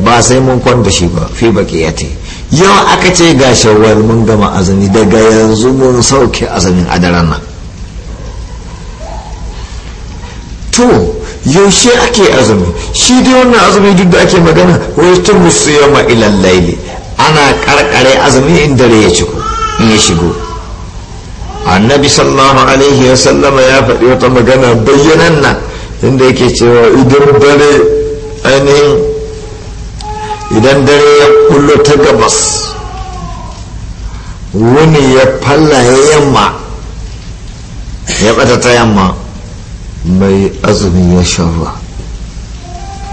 ba sai mun kwanta shi ba fi baki ya ce yau aka ce ga shawar mun gama azumi daga yanzu mun sauke azumin daren nan to yaushe ake azumi shi dai wannan azumi duk da ake magana wai tun musu yamma ilan laili ana karkare azumi in dare ya ciko in ya shigo annabi sallallahu alaihi wa sallama ya faɗi wata magana bayyanan nan inda yake cewa idan dare ainihin idan dare ya kullo ta gabas wani ya falla ya yamma ya bata ta yamma mai azumi ya sha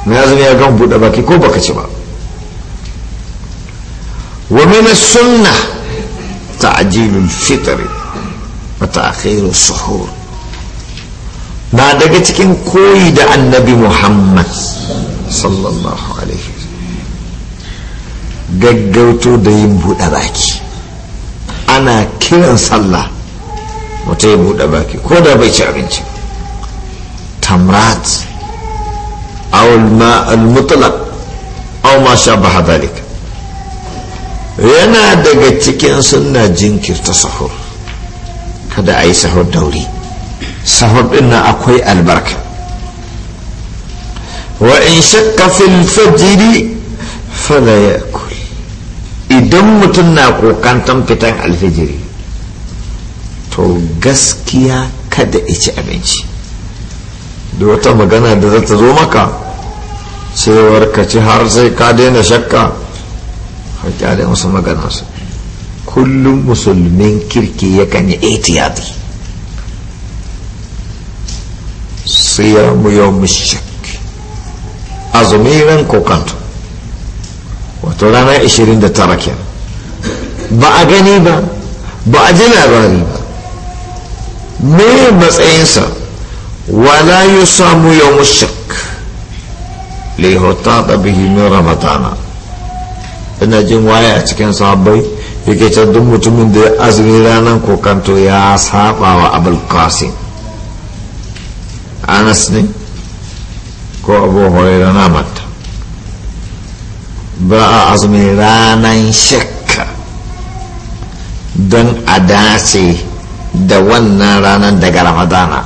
mai azumi ya gan buɗe baki ko baka ci ba wa min sunna ta fitr wa ta'khirus suhur na daga cikin koyi da annabi muhammad sallallahu alaihi gaggauto da yin buɗe baki ana kiran sallah mutum ya buɗe baki ko da bai ci abinci tamrat awul al-mutlaq aw ma ba hadalika yana daga cikin sunna jinkirta sahur kada a yi sahur dauri sahur din nan akwai albarka wa in shakka fil fajiri fala yakul idan mutum na kokantan fitan alfijiri to gaskiya kada ya ci abinci da wata magana da za ta zo maka cewar ka ci har sai ka daina shakka hakka da musu magana su kullum musulmin kirki yakan yi itiyadi siyamu yawon shakki azumi ran kokanto wato rana 29 ke ba a gani ba ba a ji labari ba me matsayinsa wala yi samu yawon shak lihota da bihimin ramadana ina jin waye a cikin sabai yake can duk mutumin da ya azumi ranar kokanto ya saba wa abul qasim anas ne ko abu hurairah na mata ba a azumi ranar shakka don a dace da wannan ranar daga ramadana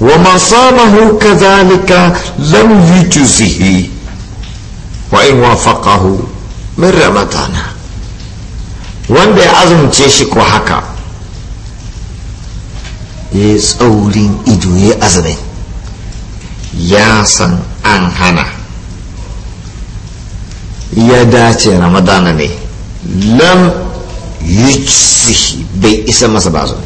wa man samahu zan lam yujzihi wa in wafaqahu min ramadana wanda ya azumce shi ko haka ya tsaurin ido ya azumin ya san an hana ya dace ramadana ne lam yujsihi bai isa masa ba zuwa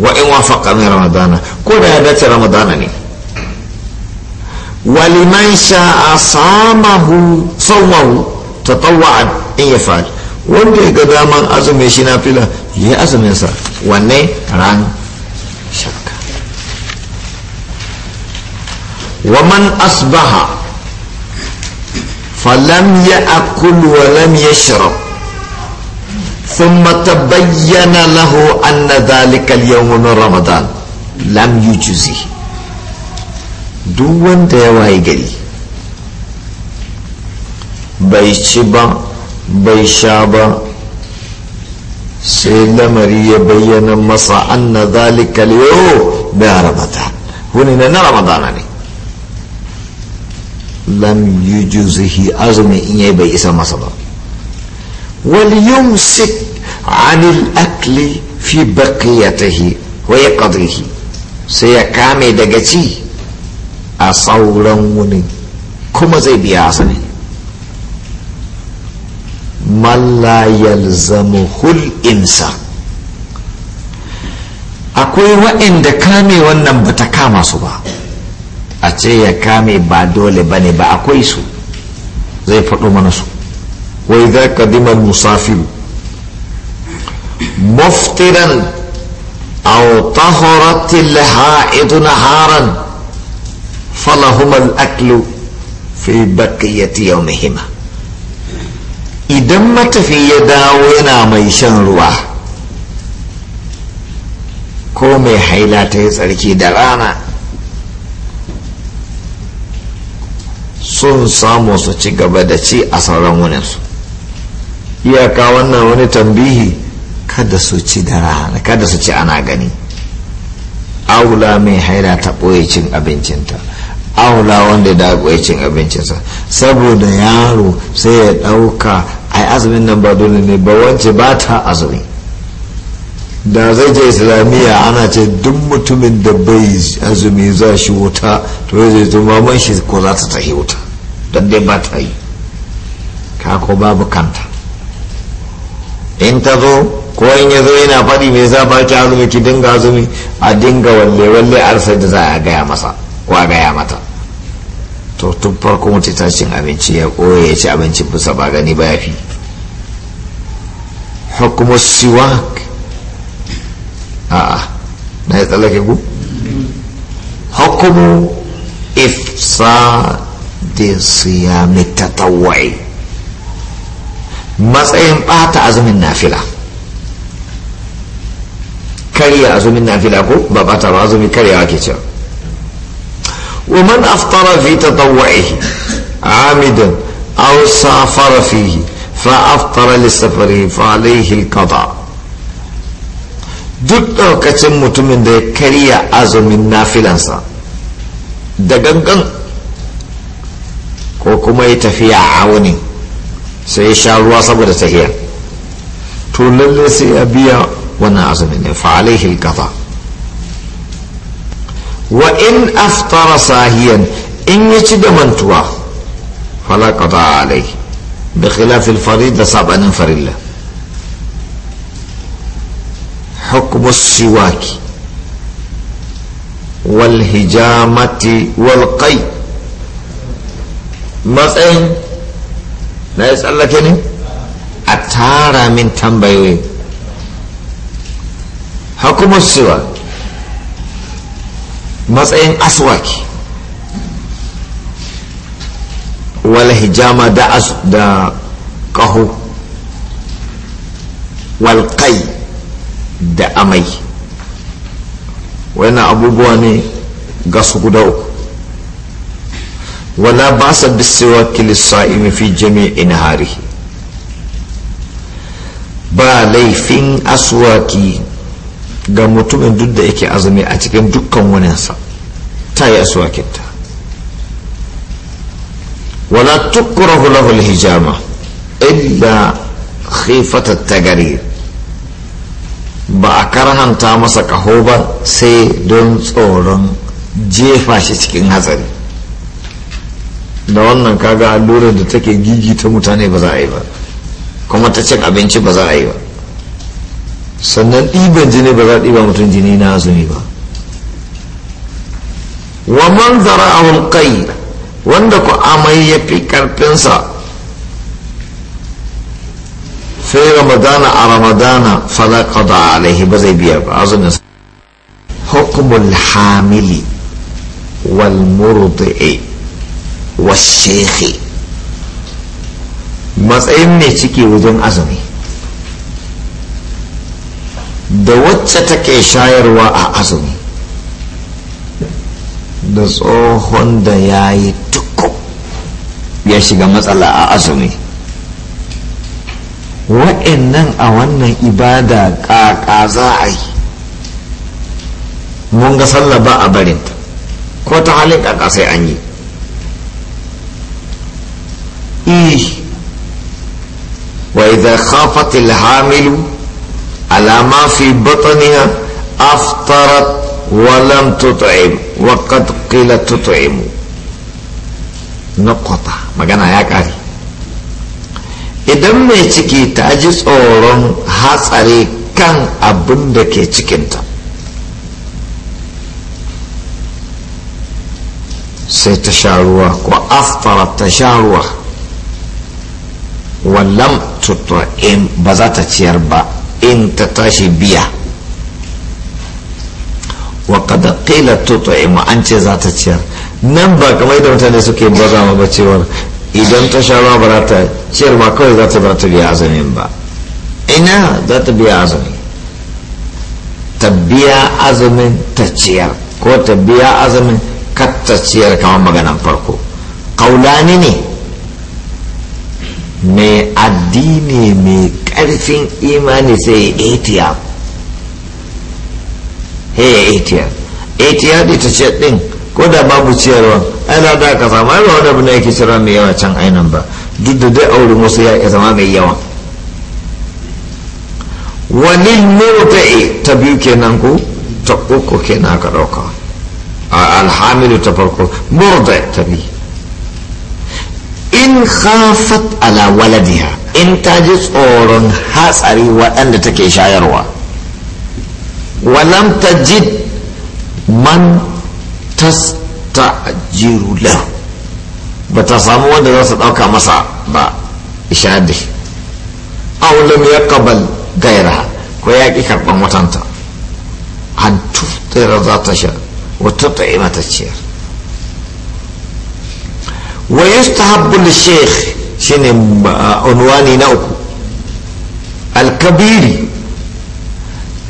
wa in wafaqa min ramadana ko da ya dace ramadana ne ولمن sha صامه a in ان fa'ad wanda ya ga daman azumin shi na fila ya azumin sa wanne ran shakka wa man asbaha فلم يأكل ولم يشرب ثم تبين له أن ذلك اليوم من رمضان لم يجزي دون تيواي قلي بيشبا بيشابا سيدة مريا بين مصا أن ذلك اليوم رمضان هنا رمضان يعني لم يجزه أظن إن يبي إسا مصدر وليمسك عن الأكل في بقيته ويقضيه سيكامي دقتي أصولا وني كما زي بيعصني ما لا يلزمه الإنسان akwai waɗanda kame wannan bata kama su ba a ce ya kame ba dole ba ne ba akwai su zai faɗo mana su wai za ka dima musafiru muftiran aw taharatil ha'idun haran falahum al-aklu fi baqiyati yawmihima idan matafi ya dawo yana mai shan ruwa ko mai haila ta yi tsarki da rana sun samu su ci gaba da ci a sauran wuninsu iyaka wannan wani tambihi kada su ci da rana kada su ci ana gani aula mai haila ta ɓoye cin abincinta aula wanda ya ɓoye cin abincinsa saboda yaro sai ya ɗauka a yi azumin nan ba dole ne ba wance ba ta azumi da zai je islamiyya ana ce duk mutumin da bai azumi za shi wuta to zai zama man shi ko za ta tafi wuta don dai ba ta yi ko babu kanta in ta zo ko in ya zo yana faɗi me za ba ki azumi ki dinga azumi a dinga walle walle arsa da za a gaya masa wa gaya mata to tun farko mutu ta cin abinci ya koya ya ci abincin bisa ba gani ba ya fi hukumar siwak a na ya tsallake ku hukumu ifsa da siyami tatawwa'i matsayin ɓata azumin nafila karya azumin nafila ko ba ɓata ba azumi karyawa ke cewa ومن أفطر في تطوعه عامدا أو سافر aftara فأفطر fa فعليه القضاء duk ɗaukacin mutumin da ya karya azumin nafilansa da gangan ko kuma yi tafiya a wani sai sha ruwa saboda tahiya to lalle sai ya biya wannan azumin ne fa alaihi alqada wa in aftara sahiyan in ya ci da mantuwa fala qada alaihi bi khilaf al-farid da sabanin farilla حكم السواك والهجامة والقيء matsayin na ya tsallake ne a tara min tambayoyi hakumar cewa matsayin aswaki wal hijama da da ƙaho wal da amai wannan abubuwa ne ga su guda uku ولا باس بالسواك للصائم في جميع نهاره ba laifin aswaki ga mutumin duk da yake azumi a cikin dukkan waninsa ta yi aswakinta wala tukurahu lahu hijama illa khifata tagarir ba a karhanta masa kaho ba sai don tsoron jefa shi cikin hatsari da wannan kaga allurar da take gigi ta mutane ba za a yi ba kuma ta cin abinci ba za a yi ba sannan ɗiban jini ba za a ɗiba mutum jini na azumi ba wa man zara a hulƙai wanda ku amai ya fi ƙarfinsa fi ramadana a ramadana falaka da alaihi ba zai biya ba azumin hukumul hamili wal murdi'i washehe matsayin mai ciki wajen azumi da wacce take shayarwa a azumi da tsohon da ya yi ya shiga matsala a azumi wa'annan a wannan ibada ƙaƙa za a yi mun ga sallah ba a barinta ko ta halin ƙaƙa sai an yi إيه وإذا خافت الحامل على ما في بطنها أفطرت ولم تطعم وقد قيل تطعم نقطة magana ya ƙare idan mai ciki ta ji tsoron hatsari kan abin da ke cikinta sai ta sha ruwa ko aftara ta sha ruwa wallam in ba za ta ciyar ba in ta tashi biya wa kada qila tut'imu an ce za ta ciyar nan ba kamar da mutane suke baza ma ba cewar idan ta sha ba za ta ciyar ba kawai za ta ba ta biya azumin ba ina za ta biya azumi ta biya azumin ta ciyar ko ta biya azumin kar ta ciyar kamar maganan farko kaulani ne mai addini mai karfin imani sai etiya ya etiya etiya da ta ce ɗin ko da babu ciyarwa ana da ka samu ai wani abu na yake ciyarwa mai yawa can ainihin ba duk da dai auren wasu ya zama mai yawa wani mota ta biyu kenan ko ta uku kenan ka a alhamilu ta farko mota ta biyu in khafat ala waladiha in ta ji tsoron hatsari waɗanda take shayarwa walam tajid man tastajiru lahu ba ta samu wanda za su ɗauka masa ba ishadi aulam ya kabal gaira ko ya ƙi karɓar watanta an tuftira za ta sha wata ta'ima ta ciyar ويستحب للشيخ شنو عنواني نوكو الكبير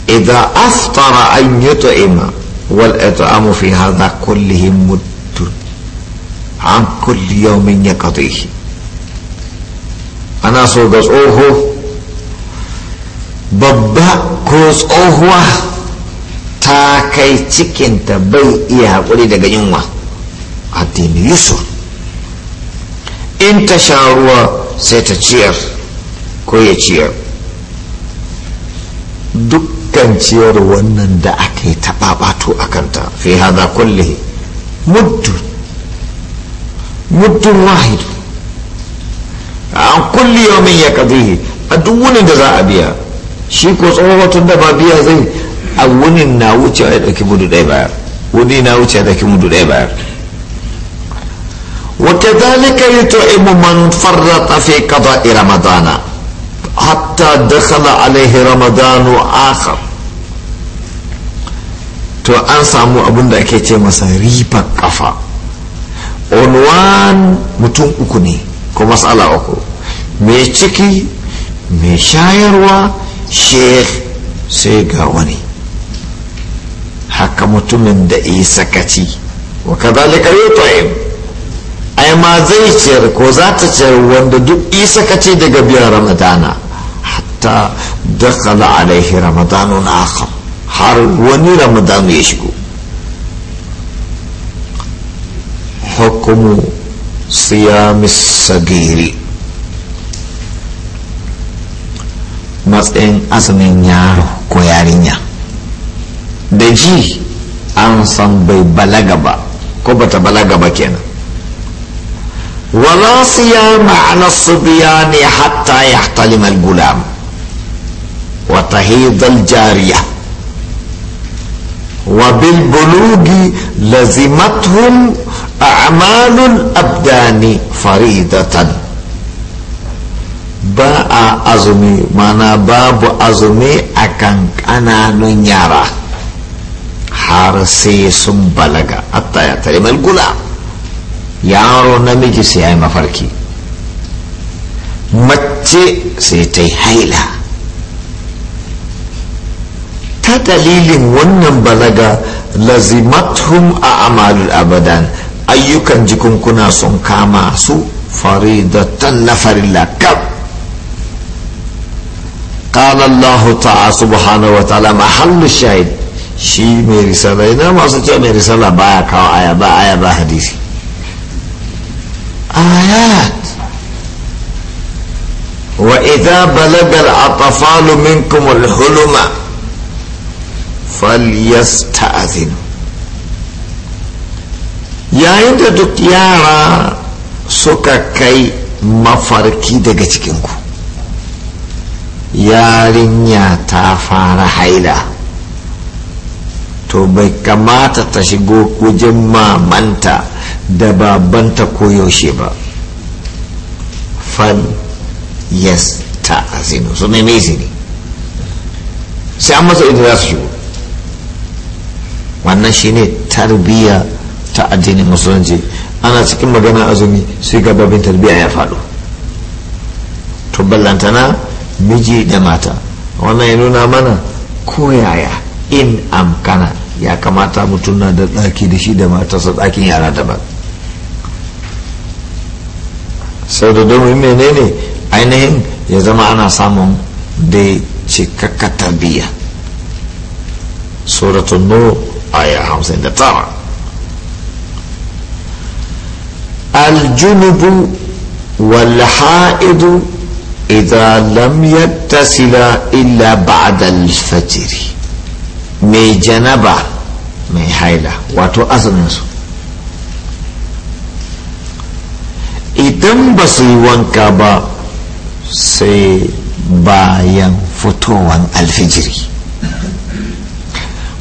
إذا أفطر أن يطعم والإطعام في هذا كله مد عن كل يوم يقضيه أنا صدق أوه بابا كوز أوهو تاكي تشكين تبي إيها قولي دقا يوم الدين يسر in ta sha ruwa sai ta ciyar ko ya ciyar dukkan ciyar wannan da aka yi taɓaɓato a kanta fi haza kulle muddun muddun wahid an kulli yawmin ya kadihi a duk wunin da za a biya shi ko tsohon watan da ba biya zai a wunin na wuce ya ɗauki mudu ɗaya bayar wani na wuce ya ɗauki mudu ɗaya bayar وكذلك يطعم من فرط في قضاء رمضان حتى دخل عليه رمضان آخر to an samu abin da ake ce masa ribar kafa on one mutum uku ne ko matsala uku mai ciki mai shayarwa sheikh sai ga wani haka mutumin da isa kaci wa kazalika yuta'im ai ma zai ciyar ko za ta ciyar wanda duk isa kace daga biyan ramadana hatta dakala alaihi ramadana akhar har wani ramadanu ya shigo hukumu siyamis sagiri matsayin azumin yaro ko yarinya da ji an san bai balaga ba ko bata balaga ba kenan ولا صيام على الصبيان حتى يحتلم الغلام وتهيض الجارية وبالبلوغ لزمتهم أعمال الأبدان فريضة باء أزمي مانا باب أزمي أكن أنا نيارة حارسي yara حتى يحتلم الغلام yaro namiji sai ya yi mafarki mace sai ta yi haila ta dalilin wannan balaga lazimathum a amalul abadan ayyukan jikunkuna sun kama su faridatan na farilla kaf قال الله تعالى سبحانه وتعالى محل الشاهد شيء من رسالة إنما سجى من رسالة بايا كاو آية بايا با حديثي آيات وإذا بلغ الأطفال منكم الحلم فليستأذنوا yayin da duk yara suka kai mafarki daga cikinku yarinya ta fara haila to bai kamata ta shigo wajen mamanta da ta koyaushe ba fal yes ta azinu su mai mai zini sai an masa idan za su shigo wannan shi ne tarbiyya ta addinin musulunci ana cikin magana azumi sai ga babin tarbiyya ya faɗo to ballantana miji da mata wannan ya nuna mana koyaya in amkana ya kamata mutum na da tsaki da shi da matarsa ɗakin yara daban sau da domin menene ainihin ya zama ana samun da cikakka tarbiyya suratun nur aya 59 aljunubu wal ha'idu والحائض lam yattasila illa ba'da بعد الفجر مي جنبه mai haila wato azumin su idan ba su yi wanka ba sai bayan fitowar alfijiri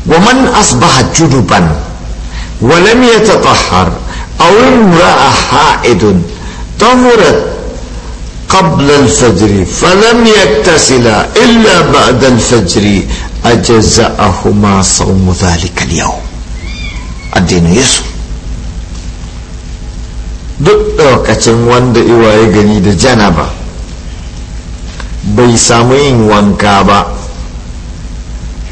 ومن أصبح جنبا ولم يتطهر أو امرأة ha'idun طهرت قبل الفجر فلم يكتسل إلا بعد الفجر أجزأهما صوم ذلك اليوم الدين يسر duk ɗaukacin wanda iwa iwaye gani da jana ba bai samu yin wanka ba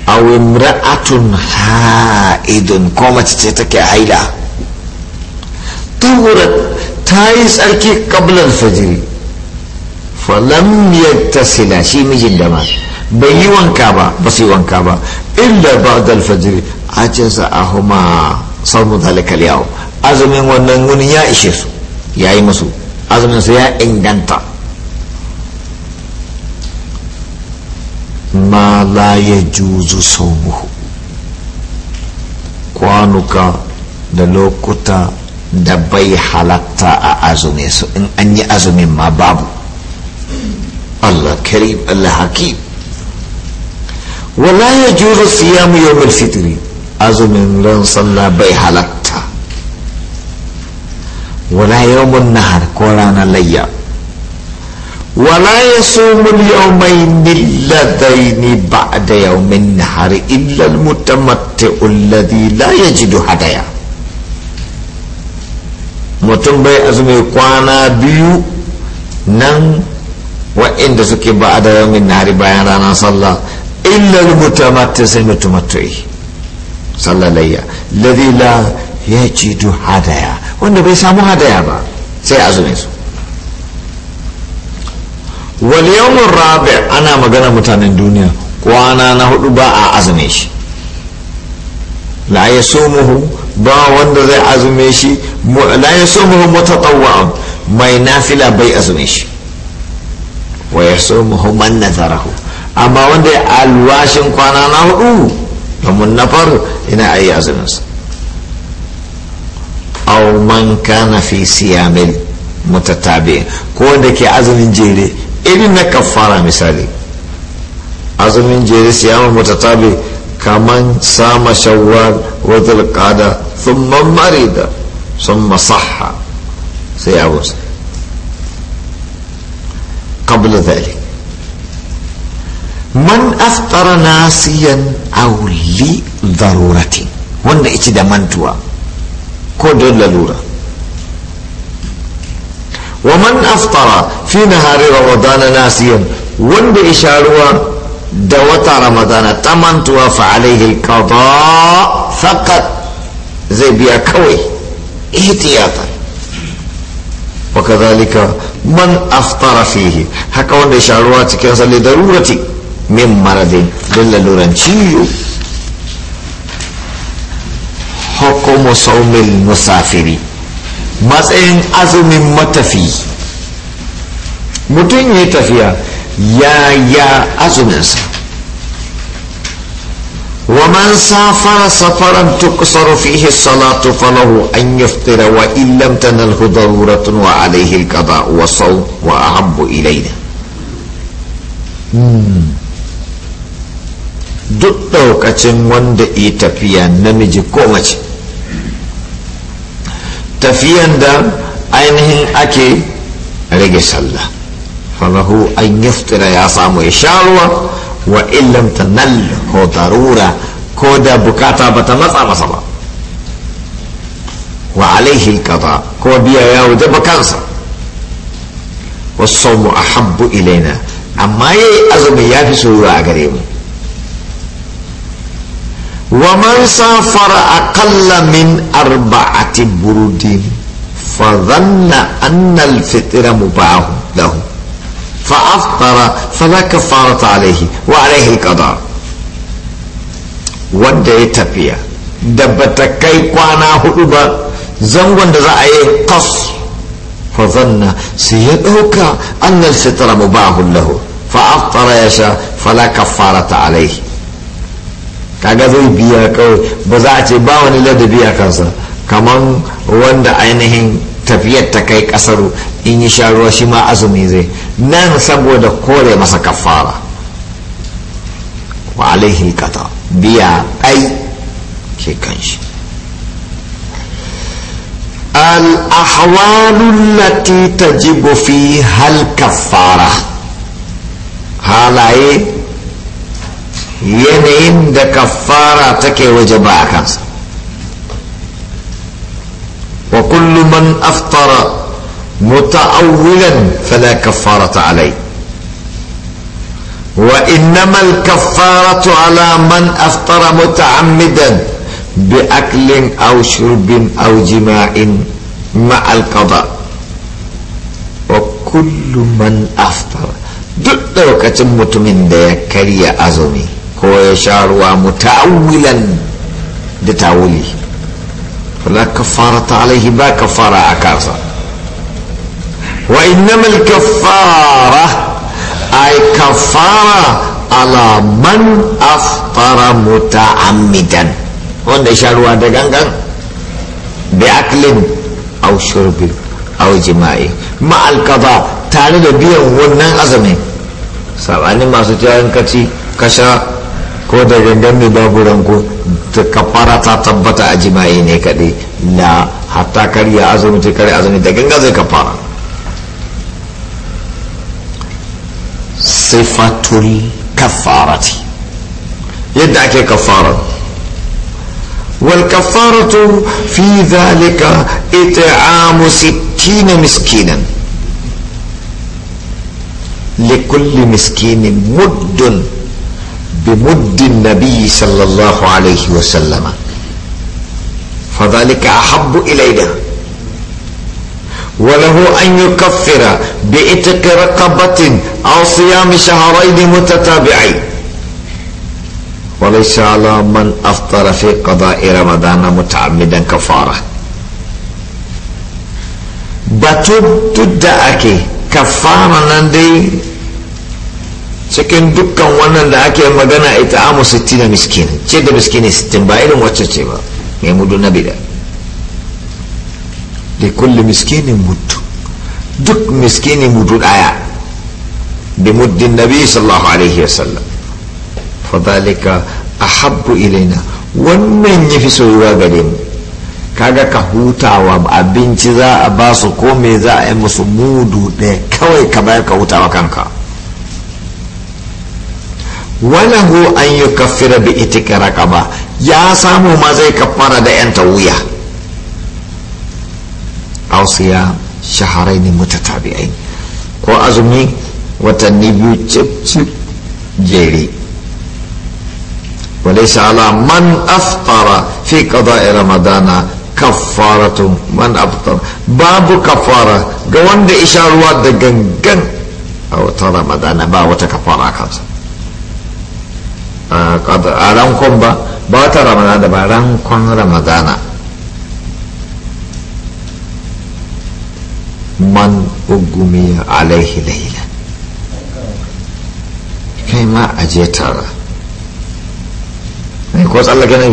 a ra'atun ha'idun ko mace ce take haila tuhura ta yi tsarki kablan fajiri falam sila shi mijin da ma bai yi wanka ba ba su yi wanka ba illa dal fajiri a cinsa sa huma samu zalikal yau azumin wannan gunin ya ishe su ya yi musu azumin su ya inganta ma la ya juzu saubuhu kwanuka da lokuta da bai halatta a azume su in an yi azumin ma babu Allah karim Allah hakim wala ya juzu siyamu yawmul fitri azumin ran sallah bai halatta wala yawmun nahar ko ranar layya wala ya sumul yawmain lilladaini ba'da yawmin nahar illa almutamatti'u alladhi la yajidu hadaya mutum bai azumi kwana biyu nan wa'inda suke ba da yawmin nahari bayan ranar sallah illa almutamatti'u sai mutumatti'i sallallayya ladhi la ya ci hadaya wanda bai samu hadaya ba sai azumin su wani yawon rabe ana magana mutanen duniya kwana na hudu ba a azume shi la muhu ba wanda zai azume shi la yasumuhu mutatawwa'an mai nafila bai azume shi wa muhu man nazarahu amma wanda ya alwashin kwana na hudu domin na faru ina ayi azumin su. أو من كان في صيام كون دكي عزم جيري إلنا كفارة مثالي عزم جيري صيام متتابع كمن سام شوال وذل القعدة ثم مرض ثم صح سيعوز قبل ذلك من أفطر ناسيا أو لضرورة وأن إتدمنتها ko don lalura wa man aftara fi nahari ramadana nasiyan wanda isha ruwa da wata ramadana ta mantuwa fa alaihi qada faqat zai biya kawai ihtiyatan wa kadhalika man aftara fihi haka wanda isha ruwa cikin sa da darurati min maradin don laluran ciwo maqamu saumin musafiri matsayin azumin matafi mutum yi tafiya ya ya azuminsa wa man safara safaran tuqsaru fihi salatu falahu an yaftira wa in lam tanal hudaruratun wa alayhi alqada wa saw wa ahabbu ilayna hmm. duk daukacin wanda yi tafiya namiji ko mace tafiyan da ainihin ake rage sallah falahu an yaftira ya samu ya sha ruwa wa illam tanal ko darura ko da bukata bata matsa masa ba wa alaihi kaza ko biya ya wajaba kansa wasu mu habbu ilaina amma yayi azumi ya fi soyuwa a gare mu ومن سافر أقل من أربعة برود فظن أن الفطر مباح له فأفطر فلا كفارة عليه وعليه القضاء ودي تبيا دبت كي قانا حدوبا زنوان دزا قص فظن سيدوك أن الفطر مباح له فأفطر يشا فلا كفارة عليه kaga zai biya kawai ba za a ce ba wani ladabi a kansa kamar wanda ainihin tafiyar ta kai kasaru in yi sha ruwa shi ma azumi zai nan saboda kore masa kafara wa alaihi kata biya ai ke kanshi al'ahwalun lati tajibu fi hal kafara halaye yanayin da kaffara take wajaba a kansa wa kullu man aftara متأولا فلا كفارة عليه وإنما الكفارة على من أفطر متعمدا بأكل أو شرب أو جماع مع القضاء وكل من أفطر دلوكة متمن كري أزمي ko ya sha ruwa muta'awwilan da tawuli fala kaffarata alaihi ba kaffara a kansa wa innamal kaffara ay kaffara ala man aftara muta'ammidan wanda ya sha ruwa da gangan bi aklin aw shurbin aw jima'i ma alqada tare da biyan wannan azumin sabanin masu cewa in ka ci ka sha ko da gangan ne babu ranko kafara ta tabbata a jima'i ne kaɗai na hatta karya azumi ta karya azumi da ganga zai kafara sifatul kafarati yadda ake kafara wal kafaratu fi zalika it'amu 60 miskinan likulli miskinin muddun بمد النبي صلى الله عليه وسلم فذلك أحب إلينا وله أن يكفر بإتق رقبة أو صيام شهرين متتابعين وليس على من أفطر في قضاء رمضان متعمدا كفارة باتوب تدعك كفارة لدي cikin dukkan wannan da ake magana ita amu 60 na miskin ce da miskin sittin ba irin wacce ce ba mai mudu na bida da kulle miskinin mudu duk miskini mudu daya bi muddin nabi sallallahu alaihi wa sallam. wasallam fadhalika ahabbu ilaina wannan yafi soyuwa gare mu kaga ka hutawa abinci za a ba su ko me za a yi musu mudu ɗaya kawai ka bayar ka hutawa kanka wanaho an yi kafira bi itika ba ya samu ma zai kafara da yan ta wuya ausiya shaharai ne mutata ko azumi watanni biyu cip cip jere wale ala man aftara fi kada ramadana kafaratun man aftara babu kafara ga wanda isharuwa da gangan a wata ramadana ba wata kafara kansa a rankon ba ba ta ramadana ba rankon ramadana man ugumi alaihi laila kai ma a je tara ko tsalla na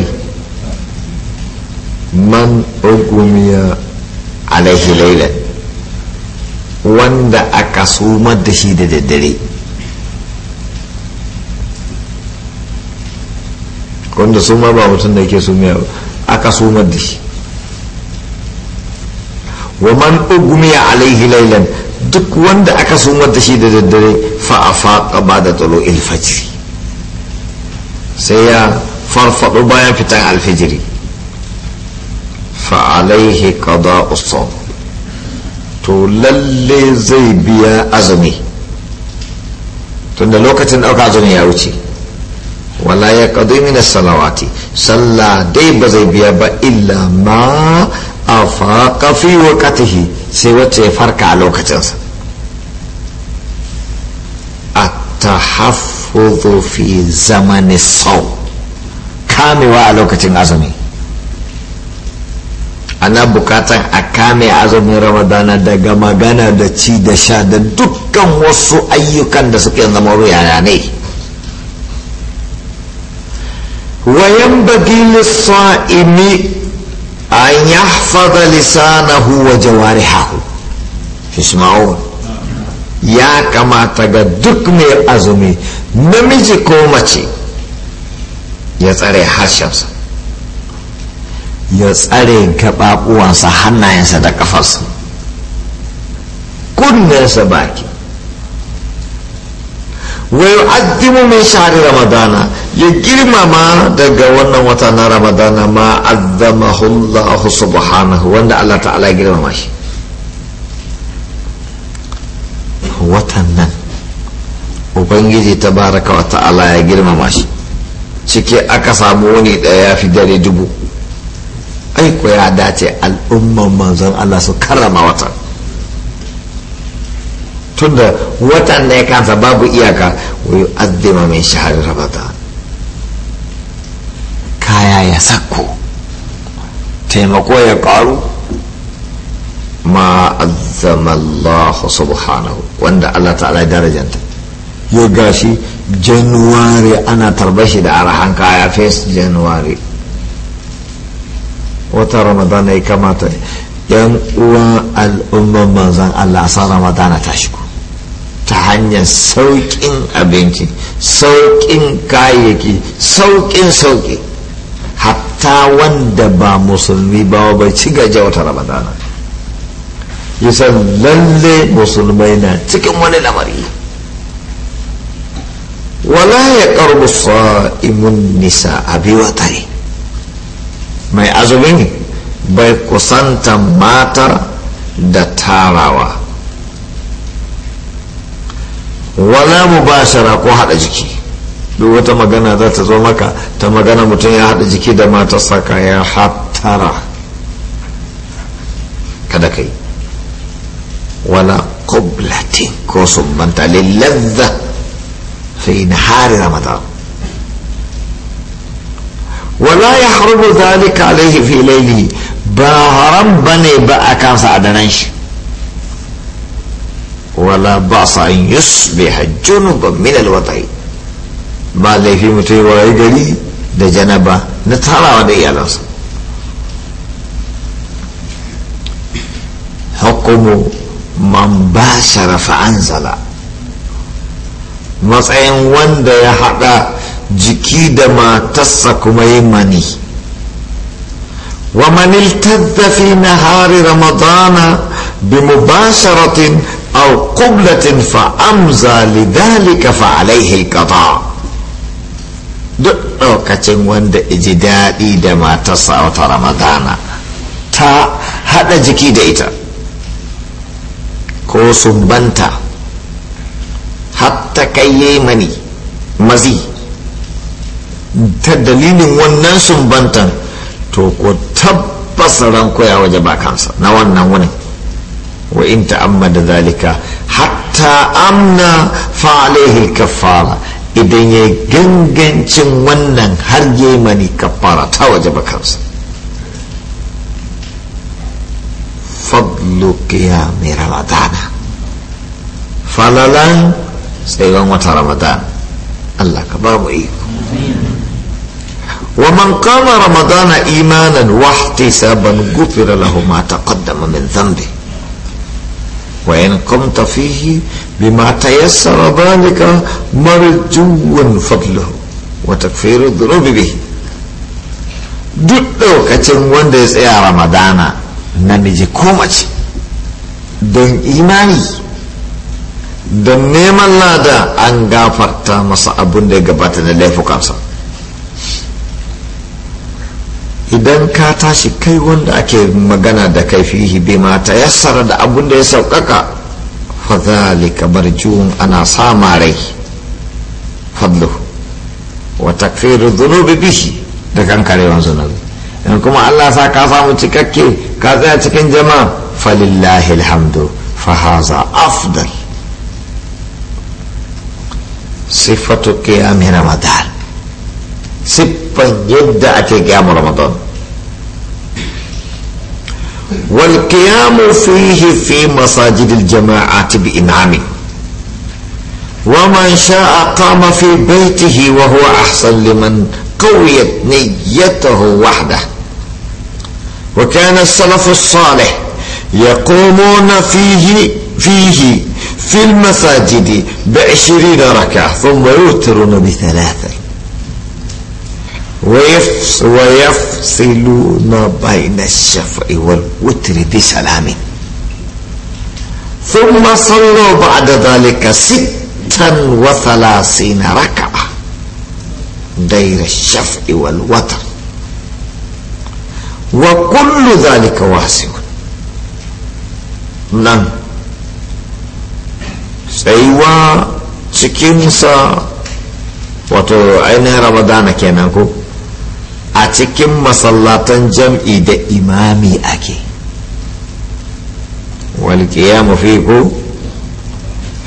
man ugumi alaihi laila wanda aka sumar da shi da daddare wanda su ma ba mutum da yake sumiya aka sumar da shi wa man ugmiya alaihi lailan duk wanda aka sumar da shi da daddare fa da ba'da tulu'il fajr sai ya farfado bayan fitan alfijiri fa alaihi qada'u sawm to lalle zai biya azumi tunda lokacin dauka azumi ya wuce wala ya kadu min salawati sallah dai ba zai biya ba illa ma a faƙa fi sai wacce ya farka a lokacinsa a tahaffuzu fi zamani sau kamewa a lokacin azumi ana bukatan a kame azumin ramadana daga magana da ci da sha da dukkan wasu ayyukan da suke zama ruyana ne وينبغي للصائم أن يحفظ لسانه وجوارحه تسمعون يا كما تقدك من أزمي نمجي كومتي يتري حشمس يتري كباب وانسا حنا ينسى دكفرس كن ينسى باكي wai addimu min shahari ramadana ya girmama daga wannan wata na ramadana ma azzamahullahu subhanahu wanda Allah ta'ala girmama shi watan nan ubangiji ta baraka wa ta'ala ya girmama shi cike aka samu wani daya ya fi dare dubu aiko ya dace al'umman manzon Allah su karrama watan tunda watan ne kansa babu iyaka wayo azzima mai shahararra rabata kaya ya sako taimako ya karu ma azzama allahu subhanahu wanda Allah ta'ala darajanta ya gashi januwari ana tarbashi da arahan kaya fes januwari wata ramadana ya kamata yan uwan al'umman manzan Allah san ramadana ta shigo ta hanyar sauƙin abinci sauƙin kayayyaki sauƙin sauƙi hatta wanda ba musulmi ba bai ci gaje wata ramadana yasa lalle musulmai na cikin wani lamari wala ya karbu sa'imun nisa a biwatare mai azumin bai kusanta mata da tarawa wala mu ba shara ko haɗa jiki duk wata magana za ta zo maka ta magana mutum ya haɗa jiki da matarsa ka ya hattara kada kai wala qublatin ko sumbanta lillazza fi nahari ramadan wala ya harbu zalika alaihi fi laili ba haram bane ba a kansa a danan shi ولا بأس أن يصبح جنوب من الوضع ما الذي في متوي وعي دلي ده جنبا نتحرى ودي ألوص حكم من باشر فأنزل مصعين وند يا حقا جكيد ما تسكم يمني ومن التذ في نهار رمضان بمباشرة أو قبلة فأمزى لذلك فعليه القضاء duk ɗaukacin wanda iji daɗi da matarsa a wata ramadana ta haɗa jiki da ita ko sumbanta hatta kai mani mazi ta dalilin wannan sumbantan to ko tabbas ranko ya waje ba kansa na wannan wani. وإن تأمد ذلك حتى أمنا فعليه الكفارة إذن يجنجن تنونا هر يمني كفارة توجب كمسا فضل قيام رمضان فللان سيوان وطا رمضان الله كبار إيكم ومن قام رمضان إيمانا واحتسابا غفر له ما تقدم من ذنبه وإن قمت فيه بما تيسر ذلك مرجو فضله وتكفير الذنوب به duk lokacin wanda ya tsaya ramadana namiji ko mace don imani don neman lada an gafarta masa abin da ya gabata na laifukansa idan ka tashi kai wanda ake magana da kai fihi ma ta yassara da abun da ya sauƙaƙa fadhalika marjuun ana sama rai fadlu wa takfiru dhunubi bihi da kankarewan zunubi in kuma Allah sa ka samu cikakke ka tsaya cikin jama'a falillahi alhamdu fa haza afdal sifatu qiyam ramadan كويس جدا عشان قيام رمضان والقيام فيه في مساجد الجماعات بإنعام ومن شاء قام في بيته وهو أحسن لمن قويت نيته وحده وكان السلف الصالح يقومون فيه فيه في المساجد بعشرين ركعة ثم يوترون بثلاثة ويفصلون بين الشفع والوتر بسلام ثم صلوا بعد ذلك ستا وثلاثين ركعة دير الشفع والوتر وكل ذلك واسع نعم سيوا سكينسا وتو عين رمضان kenan a cikin masallatan jam'i da imami ake walƙiyamu fi ku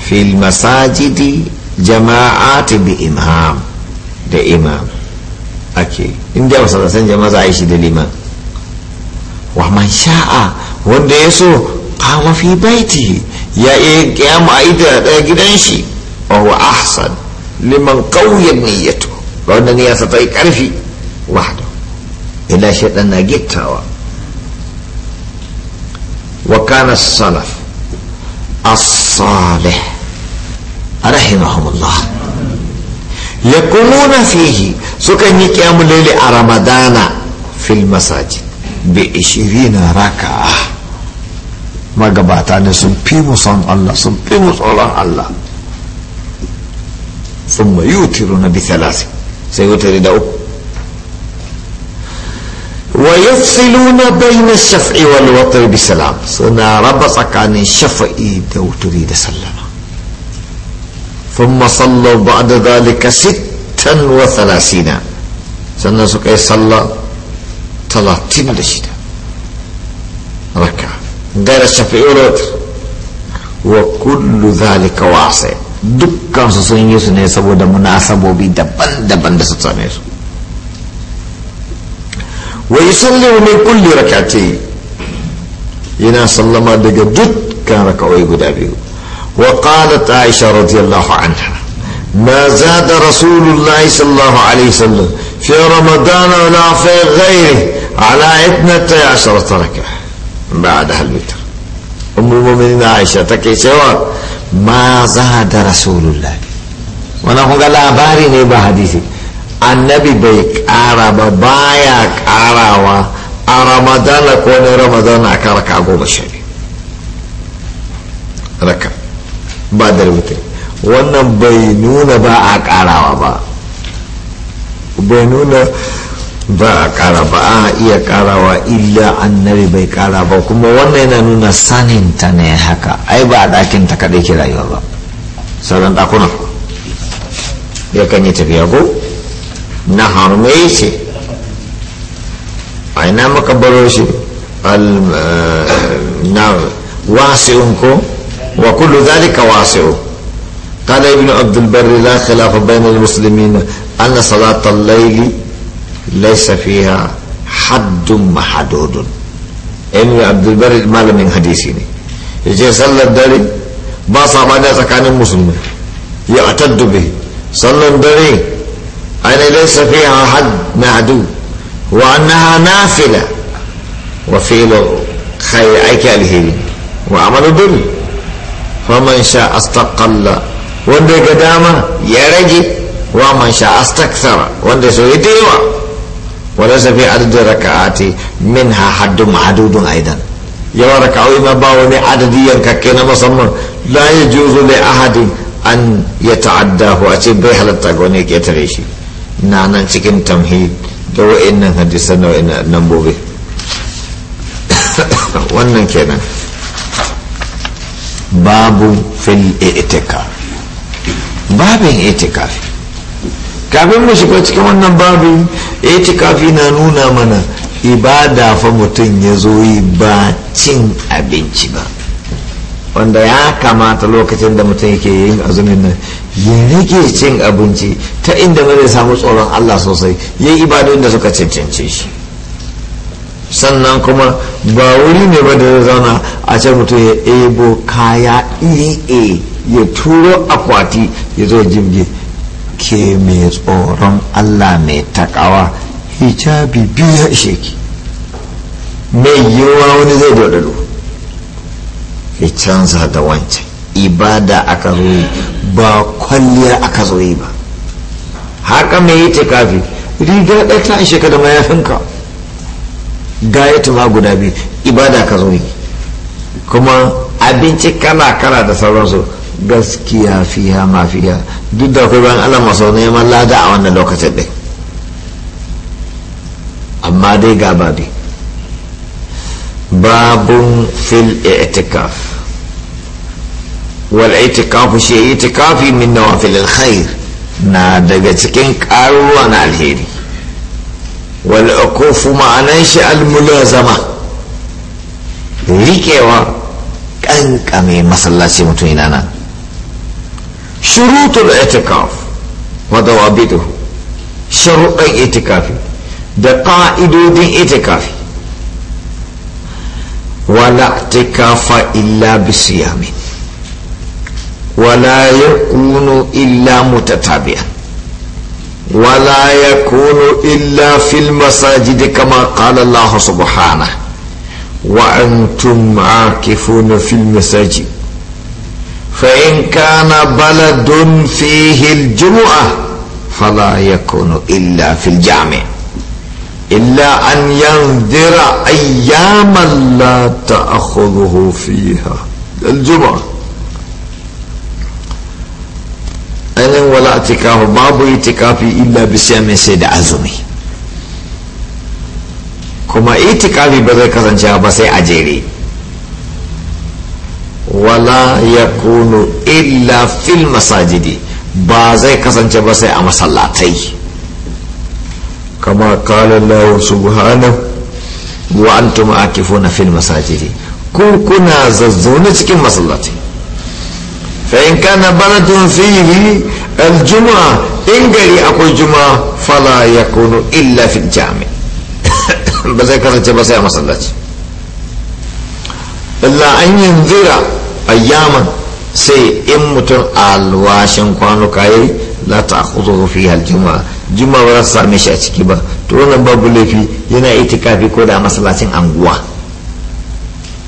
fil masajidi jama'ati bi imam da imam ake inda masallatan jama'a za a yi shi da liman wa man sha'a wanda ya so kama fi baiti ya iya ƙiyamu a yi da gidan shi wa huwa ahsan liman ƙauyen niyyatu wanda niyyarsa ta yi ƙarfi wahda إلى شيطان أن جتوا وكان السلف الصالح رحمهم الله يقومون فيه سكن يقيام الليل رمضان في المساجد بعشرين ركعة ما قبعتان سنبيم صن الله سنبيم صلاة الله ثم يوترون بثلاثة سيوتر دعوه ويفصلون بين الشفع والوتر بسلام سنا رب سكان الشفع تريد سلم ثم صلوا بعد ذلك ستا وثلاثين سنة سكي صلى ثلاثين لشدة ركعة دار الشفع والوتر وكل ذلك واسع دكان سسنيس نسبو دمنا سبو بي دبن دبن دستانيسو ويسلم من كل ركعتين ينا سلم دقا جد كان ركعوي قدابيو وقالت عائشة رضي الله عنها ما زاد رسول الله صلى الله عليه وسلم في رمضان ولا في غيره على اثنتي عشرة ركعة بعدها الوتر أم المؤمنين عائشة تكي سوار ما زاد رسول الله ونحن قال لا باري نيبا حديثي annabi bai ƙara ba baya karawa a ramadana ko ne ramadana a kan ka goma sha raka ba da wutar wannan bai nuna ba a karawa ba bai nuna ba a ƙara ba a iya karawa illa annabi bai ƙara ba kuma wannan yana nuna saninta ne haka ai ba a dakin ta kaɗai ke rayuwa ba sauran ɗakuna ya kan yi tafiya ko نحرمي شي عينا مقبلو شي واسع وكل ذلك واسع قال ابن عبد البر لا خلاف بين المسلمين أن صلاة الليل ليس فيها حد محدود ابن عبد البر ما من حديثين يجي صلى الدري باصا بعد سكان المسلمين يعتد به صلى الدري أي ليس فيها حد معدود وأنها نافلة وفي خير أكله وعمل دل فمن شاء استقل وند قدامة يا ومن شاء استكثر وند سويته وليس في عدد ركعات منها حد معدود أيضا يوا ركعوا ما باوني عدديا ككينا مصمم لا يجوز لأحد أن يتعداه أتبه للتقوني كتريشي na nan cikin tamhi da wa'annan hadisan da nan nambobi wannan kenan babu fil itika babin itika kafin mu shiga cikin wannan babin itikafi na nuna mana ibada fa mutum ya zo yi ba cin abinci ba wanda ya kamata lokacin da mutum yake yin azumin nan ya rike cin abinci ta inda mai samu tsoron Allah sosai ya yi ibadun da suka cancance shi sannan kuma ba wuri ne ba da zauna a can mutum ya ebo kaya iya ya turo akwati ya zo jimge ke mai tsoron Allah mai takawa hijabi biya sheki mai yiwuwa wani zai dodalo ya canza da wancan ibada aka zoyi ba kwalliya aka zoyi ba haka mai yi ta kafi riga ɗaya ta ishe ka da mayafinka gayatu guda biyu ibada ka zoyi kuma abinci kana kana da sauransu gaskiya fiya mafiya duk da kuma alama allah masu neman lada a wannan lokacin ɗin amma dai gaba dai باب في الاعتكاف والاعتكاف شيء اعتكافي من نوافل الخير نادق تكينك أروان الهيري والعقوف معناه الملازمة ريكيوا كانك أمي مثل الله سيمتوين أنا شروط الاعتكاف وضوابطه شروط الاعتكاف دقائد دي ولا اعتكاف إلا بصيام ولا يكون إلا متتابعا ولا يكون إلا في المساجد كما قال الله سبحانه وأنتم عاكفون في المساجد فإن كان بلد فيه الجمعة فلا يكون إلا في الجامع إلا أن ينذر أياما لا تأخذه فيها الجمعة أنا ولا اعتكاف باب اعتكافي إلا بسيام سيد عزمي كما اعتكافي بذلك سنشاء بسي أجيري ولا يكون إلا في المساجد ba zai kasance ba sai a masallatai kama kalallahu subhanahu wa antum akifuna fil masajidi ku kuna zazzauna cikin masallaci fa na kana baladun fihi aljum'a in gari akwai juma'a fala yakunu illa fil jami ba zai kasance ba sai a masallaci illa an yin zira ayyaman sai in mutum alwashin kwanuka yayi la ta'khudhu fiha aljum'a juma ba za su same shi a ciki ba to wannan babu laifi yana itikafi ko da masallacin anguwa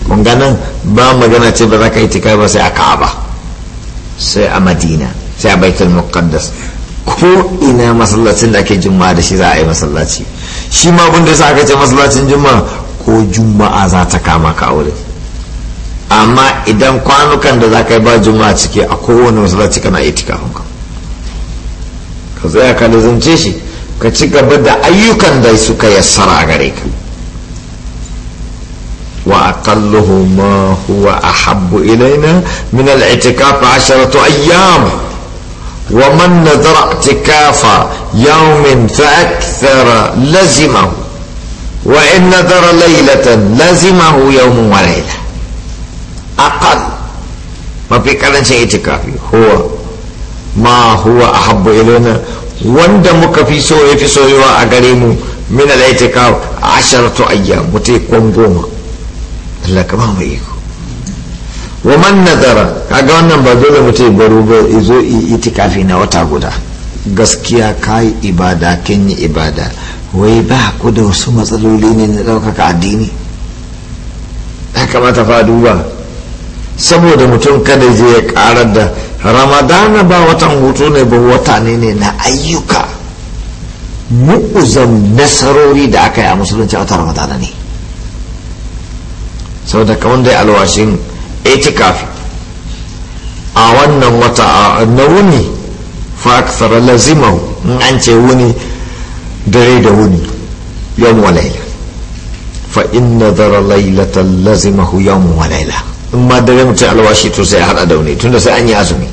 kun ganin ba magana ce ba za ka itikafi ba sai a ka'aba sai a madina sai a baitul muqaddas ko ina masallacin da ake juma'a da shi za a yi masallaci shi ma abin da sa aka ce masallacin juma'a ko juma'a za ta kama ka aure amma idan kwanukan da za ka yi ba juma'a ciki a kowane masallaci kana ka. ka tsaya ka lizance shi ka ci gaba da ayyukan da suka yassara a gare ka وأقله ما هو أحب إلينا من الاعتكاف عشرة أيام ومن نذر اعتكاف يوم فأكثر لزمه وإن نذر ليلة لزمه يوم وليلة أقل ما في كلام شيء اعتكافي هو ma huwa a ahabbu ilona wanda muka fi so ya fi soyewa a gare mu min al-i'tikaf asharatu ayya mutai kon goma Allah ka ba mu iko wa man nazara kaga wannan ba dole mutai baro ba izo itikafi na wata guda gaskiya kai ibada kin yi ibada wai ba ku da wasu matsaloli ne na ɗaukaka addini ya kamata fa duba saboda mutum kada zai ya karar da ramadana ba watan hutu ne ba wata ne ne na ayyuka mu'uzan nasarori da aka yi a musulunci wata ramadana ne sau da kawon dai alwashin itikafi a wannan wata na wuni fa'aksara lazimau in an ce wuni dare da wuni yawon walaila fa inna dara lailatan lazimahu yawon walaila in ma dare mutum alwashi to sai hada da wuni tunda sai an yi azumi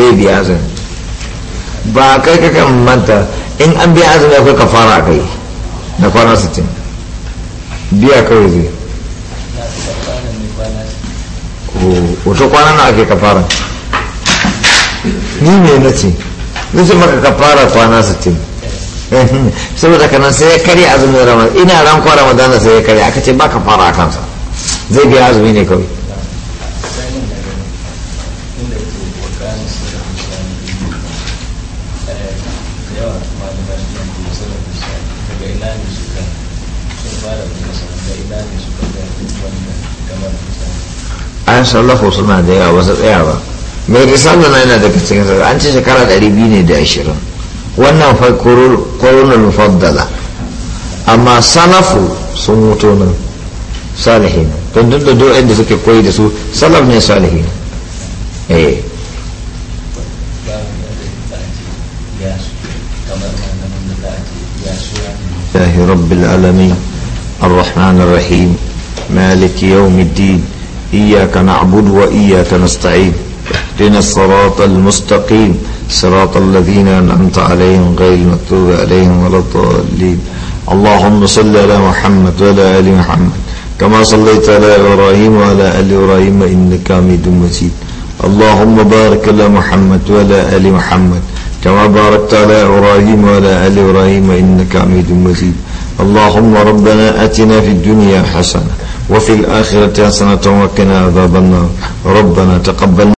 sai biya azumi ba kai ka kan manta in an biya azumi akwai kafara a kai na kwana 60 biya kawai zai oh, wata kwana na ake kafara ni ne na ce na ce maka kafara kwana 60 saboda nan sai ya karya azumin ramadana ina ran kwa ramadana sai ya karya aka ce ba kafara a kansa zai biya azumi ne kawai an sarrafa suna da yawa wasu tsaya ba mai risala na yana daga cikin sa an ce shekara ɗari biyu ne da ashirin wannan fa koronal faddala amma salafu sun mutu nan salihin don duk da do'in da suke koyi da su salaf ne salihin eh لله رب العالمين الرحمن الرحيم مالك يوم الدين إياك نعبد وإياك نستعين اهدنا الصراط المستقيم صراط الذين أنعمت عليهم غير المكتوب عليهم ولا الضالين اللهم صل على محمد وعلى آل محمد كما صليت على إبراهيم وعلى آل إبراهيم إنك حميد مجيد اللهم بارك على محمد وعلى آل محمد كما باركت على إبراهيم وعلى آل إبراهيم إنك حميد مجيد اللهم ربنا أتنا في الدنيا حسنة وفي الآخرة حسنة وقنا عذاب النار ربنا تقبل